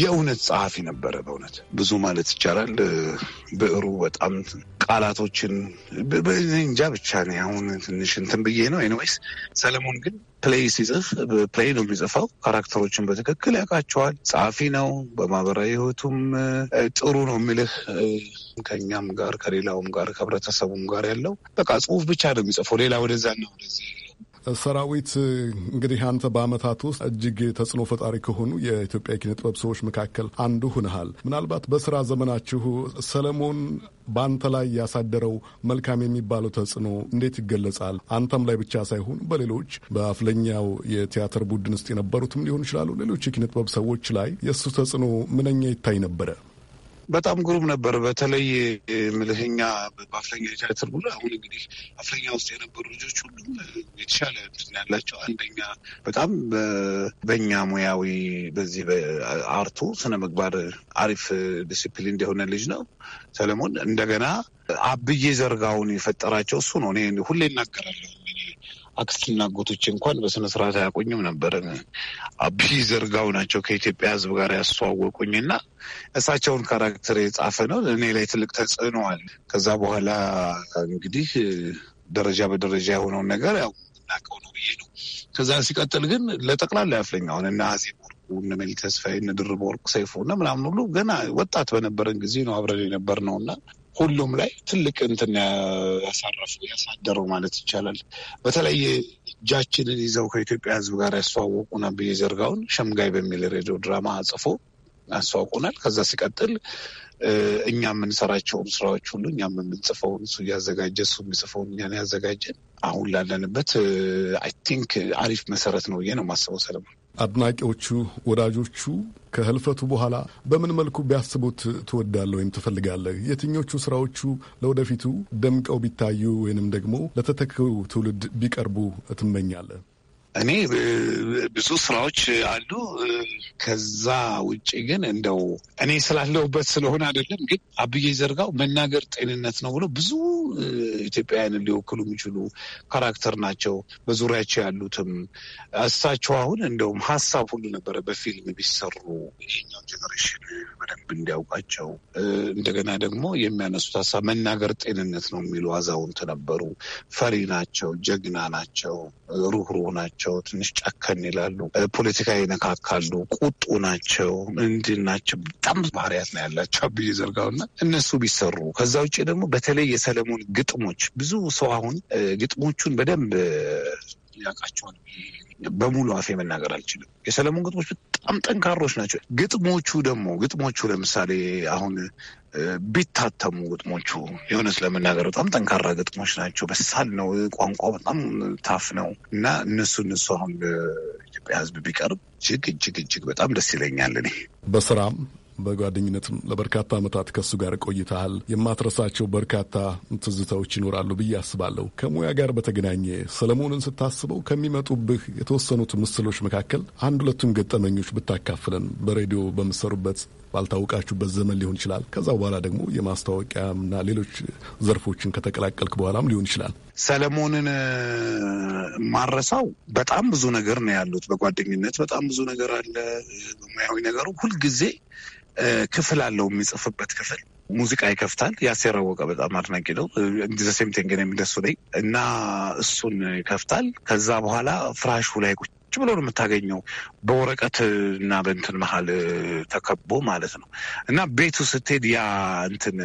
የእውነት ጸሐፊ ነበረ። በእውነት ብዙ ማለት ይቻላል። ብዕሩ በጣም ቃላቶችን እንጃ ብቻ ነው። አሁን ትንሽ እንትን ብዬ ነው። ኤኒዌይስ ሰለሞን ግን ፕሌይ ሲጽፍ ፕሌይ ነው የሚጽፈው። ካራክተሮችን በትክክል ያውቃቸዋል። ጸሐፊ ነው። በማህበራዊ ህይወቱም ጥሩ ነው የሚልህ ከእኛም ጋር ከሌላውም ጋር ከህብረተሰቡም ጋር ያለው በቃ ጽሁፍ ብቻ ነው የሚጽፈው። ሌላ ወደዛና ወደዚህ
ሰራዊት እንግዲህ አንተ በአመታት ውስጥ እጅግ ተጽዕኖ ፈጣሪ ከሆኑ የኢትዮጵያ የኪነ ጥበብ ሰዎች መካከል አንዱ ሁንሃል። ምናልባት በስራ ዘመናችሁ ሰለሞን በአንተ ላይ ያሳደረው መልካም የሚባለው ተጽዕኖ እንዴት ይገለጻል? አንተም ላይ ብቻ ሳይሆን በሌሎች በአፍለኛው የቲያትር ቡድን ውስጥ የነበሩትም ሊሆኑ ይችላሉ፣ ሌሎች የኪነ ጥበብ ሰዎች ላይ የእሱ ተጽዕኖ ምንኛ ይታይ ነበረ?
በጣም ግሩም ነበር። በተለይ ምልህኛ በአፍለኛ ቻትር ቡድን አሁን እንግዲህ አፍለኛ ውስጥ የነበሩ ልጆች ሁሉም የተሻለ እንትን ያላቸው አንደኛ በጣም በኛ ሙያዊ በዚህ በአርቱ ስነ ምግባር አሪፍ ዲስፕሊን እንደሆነ ልጅ ነው ሰለሞን። እንደገና አብዬ ዘርጋውን የፈጠራቸው እሱ ነው። እኔ ሁሌ እናገራለሁ አክስትና አጎቶች እንኳን በስነ ስርዓት አያቆኝም ነበር። አቢ ዘርጋው ናቸው ከኢትዮጵያ ሕዝብ ጋር ያስተዋወቁኝ እና እሳቸውን ካራክተር የጻፈ ነው። እኔ ላይ ትልቅ ተጽዕኖዋል። ከዛ በኋላ እንግዲህ ደረጃ በደረጃ የሆነውን ነገር ያው የምናውቀው ነው ብዬ ነው። ከዛ ሲቀጥል ግን ለጠቅላላ ያፍለኝ አሁን እና አዜ ወርቁ፣ እነ መሊ ተስፋዬ፣ እነ ድርብ ወርቁ ሰይፉ እና ምናምን ሁሉ ገና ወጣት በነበረን ጊዜ ነው አብረን የነበር ነው እና ሁሉም ላይ ትልቅ እንትን ያሳረፉ ያሳደሩ ማለት ይቻላል። በተለይ እጃችንን ይዘው ከኢትዮጵያ ሕዝብ ጋር ያስተዋወቁና ብዬ ዘርጋውን ሸምጋይ በሚል ሬዲዮ ድራማ ጽፎ ያስተዋውቁናል። ከዛ ሲቀጥል እኛ የምንሰራቸውን ስራዎች ሁሉ እኛም የምንጽፈውን እሱ እያዘጋጀ እሱ የሚጽፈውን እኛን ያዘጋጀን አሁን ላለንበት አይ ቲንክ አሪፍ መሰረት ነው ብዬ ነው የማስበው ሰለሞን።
አድናቂዎቹ፣ ወዳጆቹ ከህልፈቱ በኋላ በምን መልኩ ቢያስቡት ትወዳለህ ወይም ትፈልጋለህ? የትኞቹ ስራዎቹ ለወደፊቱ ደምቀው ቢታዩ ወይንም ደግሞ ለተተኪው ትውልድ ቢቀርቡ ትመኛለህ?
እኔ ብዙ ስራዎች አሉ። ከዛ ውጭ ግን እንደው እኔ ስላለሁበት ስለሆነ አይደለም፣ ግን አብዬ ዘርጋው መናገር ጤንነት ነው ብሎ ብዙ ኢትዮጵያውያንን ሊወክሉ የሚችሉ ካራክተር ናቸው በዙሪያቸው ያሉትም። እሳቸው አሁን እንደውም ሀሳብ ሁሉ ነበረ በፊልም ቢሰሩ ይሄኛው ጀኔሬሽን በደንብ እንዲያውቃቸው እንደገና ደግሞ የሚያነሱት ሀሳብ መናገር ጤንነት ነው የሚሉ አዛውንት ነበሩ። ፈሪ ናቸው፣ ጀግና ናቸው፣ ሩህሩህ ናቸው፣ ትንሽ ጨከን ይላሉ፣ ፖለቲካ ይነካካሉ፣ ቁጡ ናቸው፣ እንድን ናቸው። በጣም ባህሪያት ነው ያላቸው አብዬ ዘርጋውና እነሱ ቢሰሩ። ከዛ ውጭ ደግሞ በተለይ የሰለሞን ግጥሞች ብዙ ሰው አሁን ግጥሞቹን በደንብ ያውቃቸዋል በሙሉ አፌ መናገር አልችልም። የሰለሞን ግጥሞች በጣም ጠንካሮች ናቸው። ግጥሞቹ ደግሞ ግጥሞቹ ለምሳሌ አሁን ቢታተሙ ግጥሞቹ የሆነ ስለመናገር በጣም ጠንካራ ግጥሞች ናቸው። በሳል ነው፣ ቋንቋ በጣም ታፍ ነው እና እነሱ እነሱ አሁን ለኢትዮጵያ ሕዝብ ቢቀርብ እጅግ እጅግ እጅግ በጣም ደስ ይለኛል እኔ
በስራም በጓደኝነትም ለበርካታ ዓመታት ከሱ ጋር ቆይተሃል። የማትረሳቸው በርካታ ትዝታዎች ይኖራሉ ብዬ አስባለሁ። ከሙያ ጋር በተገናኘ ሰለሞንን ስታስበው ከሚመጡብህ የተወሰኑት ምስሎች መካከል አንድ ሁለቱን ገጠመኞች ብታካፍለን በሬዲዮ በምሰሩበት ባልታወቃችሁበት ዘመን ሊሆን ይችላል። ከዛ በኋላ ደግሞ የማስታወቂያና ሌሎች ዘርፎችን ከተቀላቀልክ በኋላም ሊሆን ይችላል።
ሰለሞንን ማረሳው በጣም ብዙ ነገር ነው ያሉት። በጓደኝነት በጣም ብዙ ነገር አለ። ሙያዊ ነገሩ ሁልጊዜ ክፍል አለው የሚጽፍበት ክፍል ሙዚቃ ይከፍታል። ያሴር አወቀ በጣም አድናቂ ነው። እንዲዘ ዘሴምቴንግ የሚደሱ ነኝ እና እሱን ይከፍታል። ከዛ በኋላ ፍራሹ ላይ ቁጭ ብሎ ነው የምታገኘው በወረቀት እና በእንትን መሀል ተከቦ ማለት ነው። እና ቤቱ ስትሄድ ያ እንትን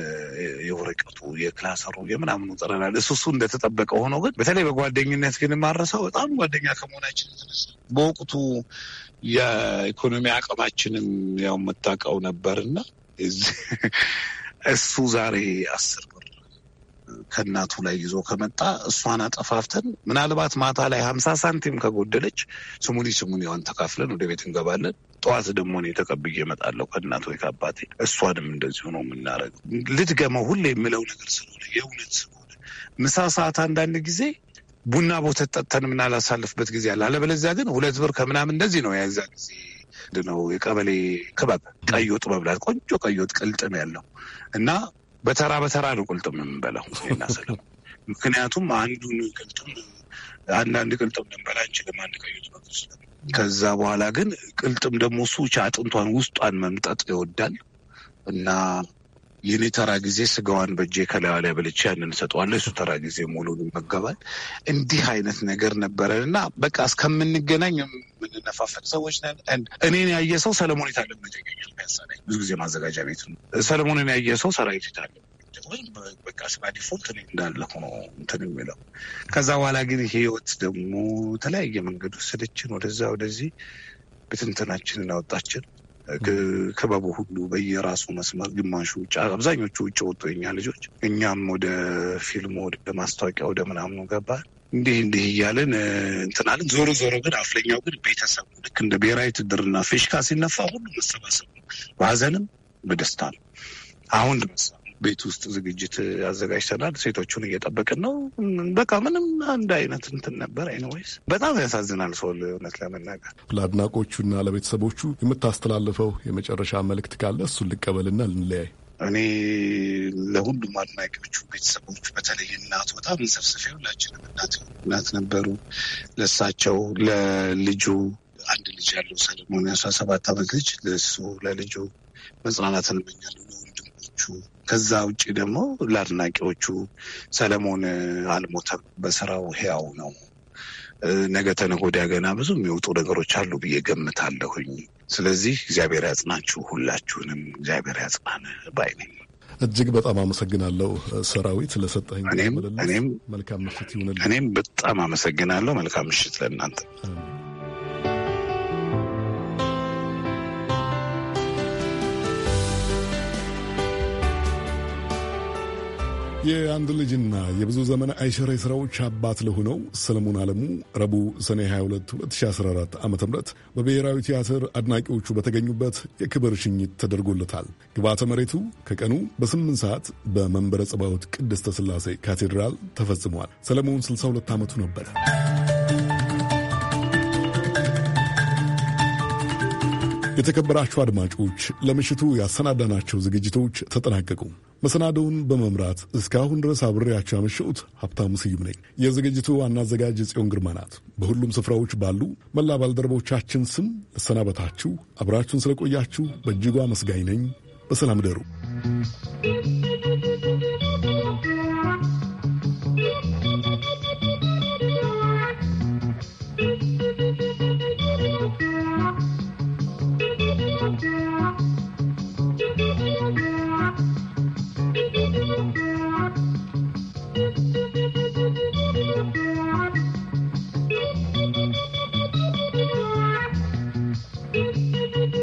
የወረቀቱ የክላሰሩ የምናምኑ ጥረናል። እሱ እሱ እንደተጠበቀ ሆኖ ግን በተለይ በጓደኝነት ግን ማረሰው በጣም ጓደኛ ከመሆናችን በወቅቱ የኢኮኖሚ አቅማችንም ያው መታቀው ነበርና እሱ ዛሬ አስር ብር ከእናቱ ላይ ይዞ ከመጣ እሷን አጠፋፍተን ምናልባት ማታ ላይ ሀምሳ ሳንቲም ከጎደለች ስሙኒ ስሙኒዋን ተካፍለን ወደ ቤት እንገባለን። ጠዋት ደግሞ እኔ ተቀብዬ እመጣለሁ ከእናት ወይ ከአባቴ። እሷንም እንደዚሁ ነው የምናደርገው። ልድገመው ሁሌ የምለው ነገር ስለሆነ የእውነት ስለሆነ ምሳ ሰዓት አንዳንድ ጊዜ ቡና ቦተት ጠጥተን የምናላሳልፍበት ጊዜ አለ። አለበለዚያ ግን ሁለት ብር ከምናምን እንደዚህ ነው የዛ ጊዜ ነው የቀበሌ ክበብ ቀዩ ወጥ መብላት ቆንጆ ቀዩ ወጥ ቅልጥም ያለው እና በተራ በተራ ነው ቅልጥም የምንበላው ናስለ ምክንያቱም አንዱን ቅልጥም አንዳንድ ቅልጥም ልንበላ እንችልም አንድ ቀዩ ወጥ ከዛ በኋላ ግን ቅልጥም ደግሞ ሱቻ አጥንቷን ውስጧን መምጠጥ ይወዳል እና የኔ ተራ ጊዜ ስጋዋን በእጄ ከላዩ ላይ በልቼ ያንን ሰጠዋለሁ። እሱ ተራ ጊዜ ሙሉን ይመገባል። እንዲህ አይነት ነገር ነበረን እና በቃ እስከምንገናኝ የምንነፋፈቅ ሰዎች ነን። እኔን ያየ ሰው ሰለሞን የታለ ይገኛል። ያሳ ብዙ ጊዜ ማዘጋጃ ቤት ነው። ሰለሞንን ያየ ሰው ሰራዊት የታለ በቃ ስራ ዲፎልት እንዳለ ሆኖ እንትን የሚለው ከዛ በኋላ ግን ህይወት ደግሞ የተለያየ መንገድ ወሰደችን ወደዛ ወደዚህ ብትንትናችንን አወጣችን። ክበቡ ሁሉ በየራሱ መስመር፣ ግማሹ ውጭ፣ አብዛኞቹ ውጭ ወጡ የኛ ልጆች። እኛም ወደ ፊልሙ፣ ወደ ማስታወቂያ፣ ወደ ምናምኑ ገባ። እንዲህ እንዲህ እያለን እንትናለን። ዞሮ ዞሮ ግን አፍለኛው ግን ቤተሰቡ ልክ እንደ ብሔራዊ ትድርና ፌሽካ ሲነፋ ሁሉ መሰባሰቡ በሀዘንም በደስታ ነው። አሁን ድመሳ ቤት ውስጥ ዝግጅት አዘጋጅተናል። ሴቶቹን እየጠበቅን ነው። በቃ ምንም አንድ አይነት እንትን ነበር። አይነወይስ በጣም ያሳዝናል። ሰው እውነት ለመናገር
ለአድናቆቹና ለቤተሰቦቹ የምታስተላልፈው የመጨረሻ መልእክት ካለ እሱን ልቀበልና ልንለያይ።
እኔ ለሁሉም አድናቂዎቹ ቤተሰቦቹ፣ በተለይ እናት በጣም እንሰብስፌ ሁላችንም እናት እናት ነበሩ። ለሳቸው ለልጁ አንድ ልጅ ያለው ሰለሞን አስራ ሰባት አመት ልጅ ለሱ ለልጁ መጽናናትን እመኛለሁ። ለወንድሞቹ ከዛ ውጭ ደግሞ ለአድናቂዎቹ ሰለሞን አልሞተም፣ በስራው ህያው ነው ነገ ተነገ ወዲያ ገና ብዙ የሚወጡ ነገሮች አሉ ብዬ ገምታለሁኝ። ስለዚህ እግዚአብሔር ያጽናችሁ፣ ሁላችሁንም እግዚአብሔር ያጽናን
ባይ ነኝ። እጅግ በጣም አመሰግናለሁ ሰራዊት ለሰጠኝ መልካም ምሽት ይሁንልኝ። እኔም
በጣም አመሰግናለሁ። መልካም ምሽት ለእናንተ።
የአንድ ልጅና የብዙ ዘመን አይሸሬ ስራዎች አባት ለሆነው ሰለሞን አለሙ ረቡዕ ሰኔ 22 2014 ዓ ም በብሔራዊ ቲያትር አድናቂዎቹ በተገኙበት የክብር ሽኝት ተደርጎለታል። ግብዓተ መሬቱ ከቀኑ በ8 ሰዓት በመንበረ ጸባዖት ቅድስተ ሥላሴ ካቴድራል ተፈጽሟል። ሰለሞን 62 ዓመቱ ነበር። የተከበራችሁ አድማጮች ለምሽቱ ያሰናዳናቸው ዝግጅቶች ተጠናቀቁ። መሰናደውን በመምራት እስካሁን ድረስ አብሬያቸው ያመሸሁት ሀብታሙ ስዩም ነኝ። የዝግጅቱ ዋና አዘጋጅ ጽዮን ግርማ ናት። በሁሉም ስፍራዎች ባሉ መላ ባልደረቦቻችን ስም ልሰናበታችሁ። አብራችሁን ስለቆያችሁ በእጅጉ አመስጋኝ ነኝ። በሰላም ደሩ።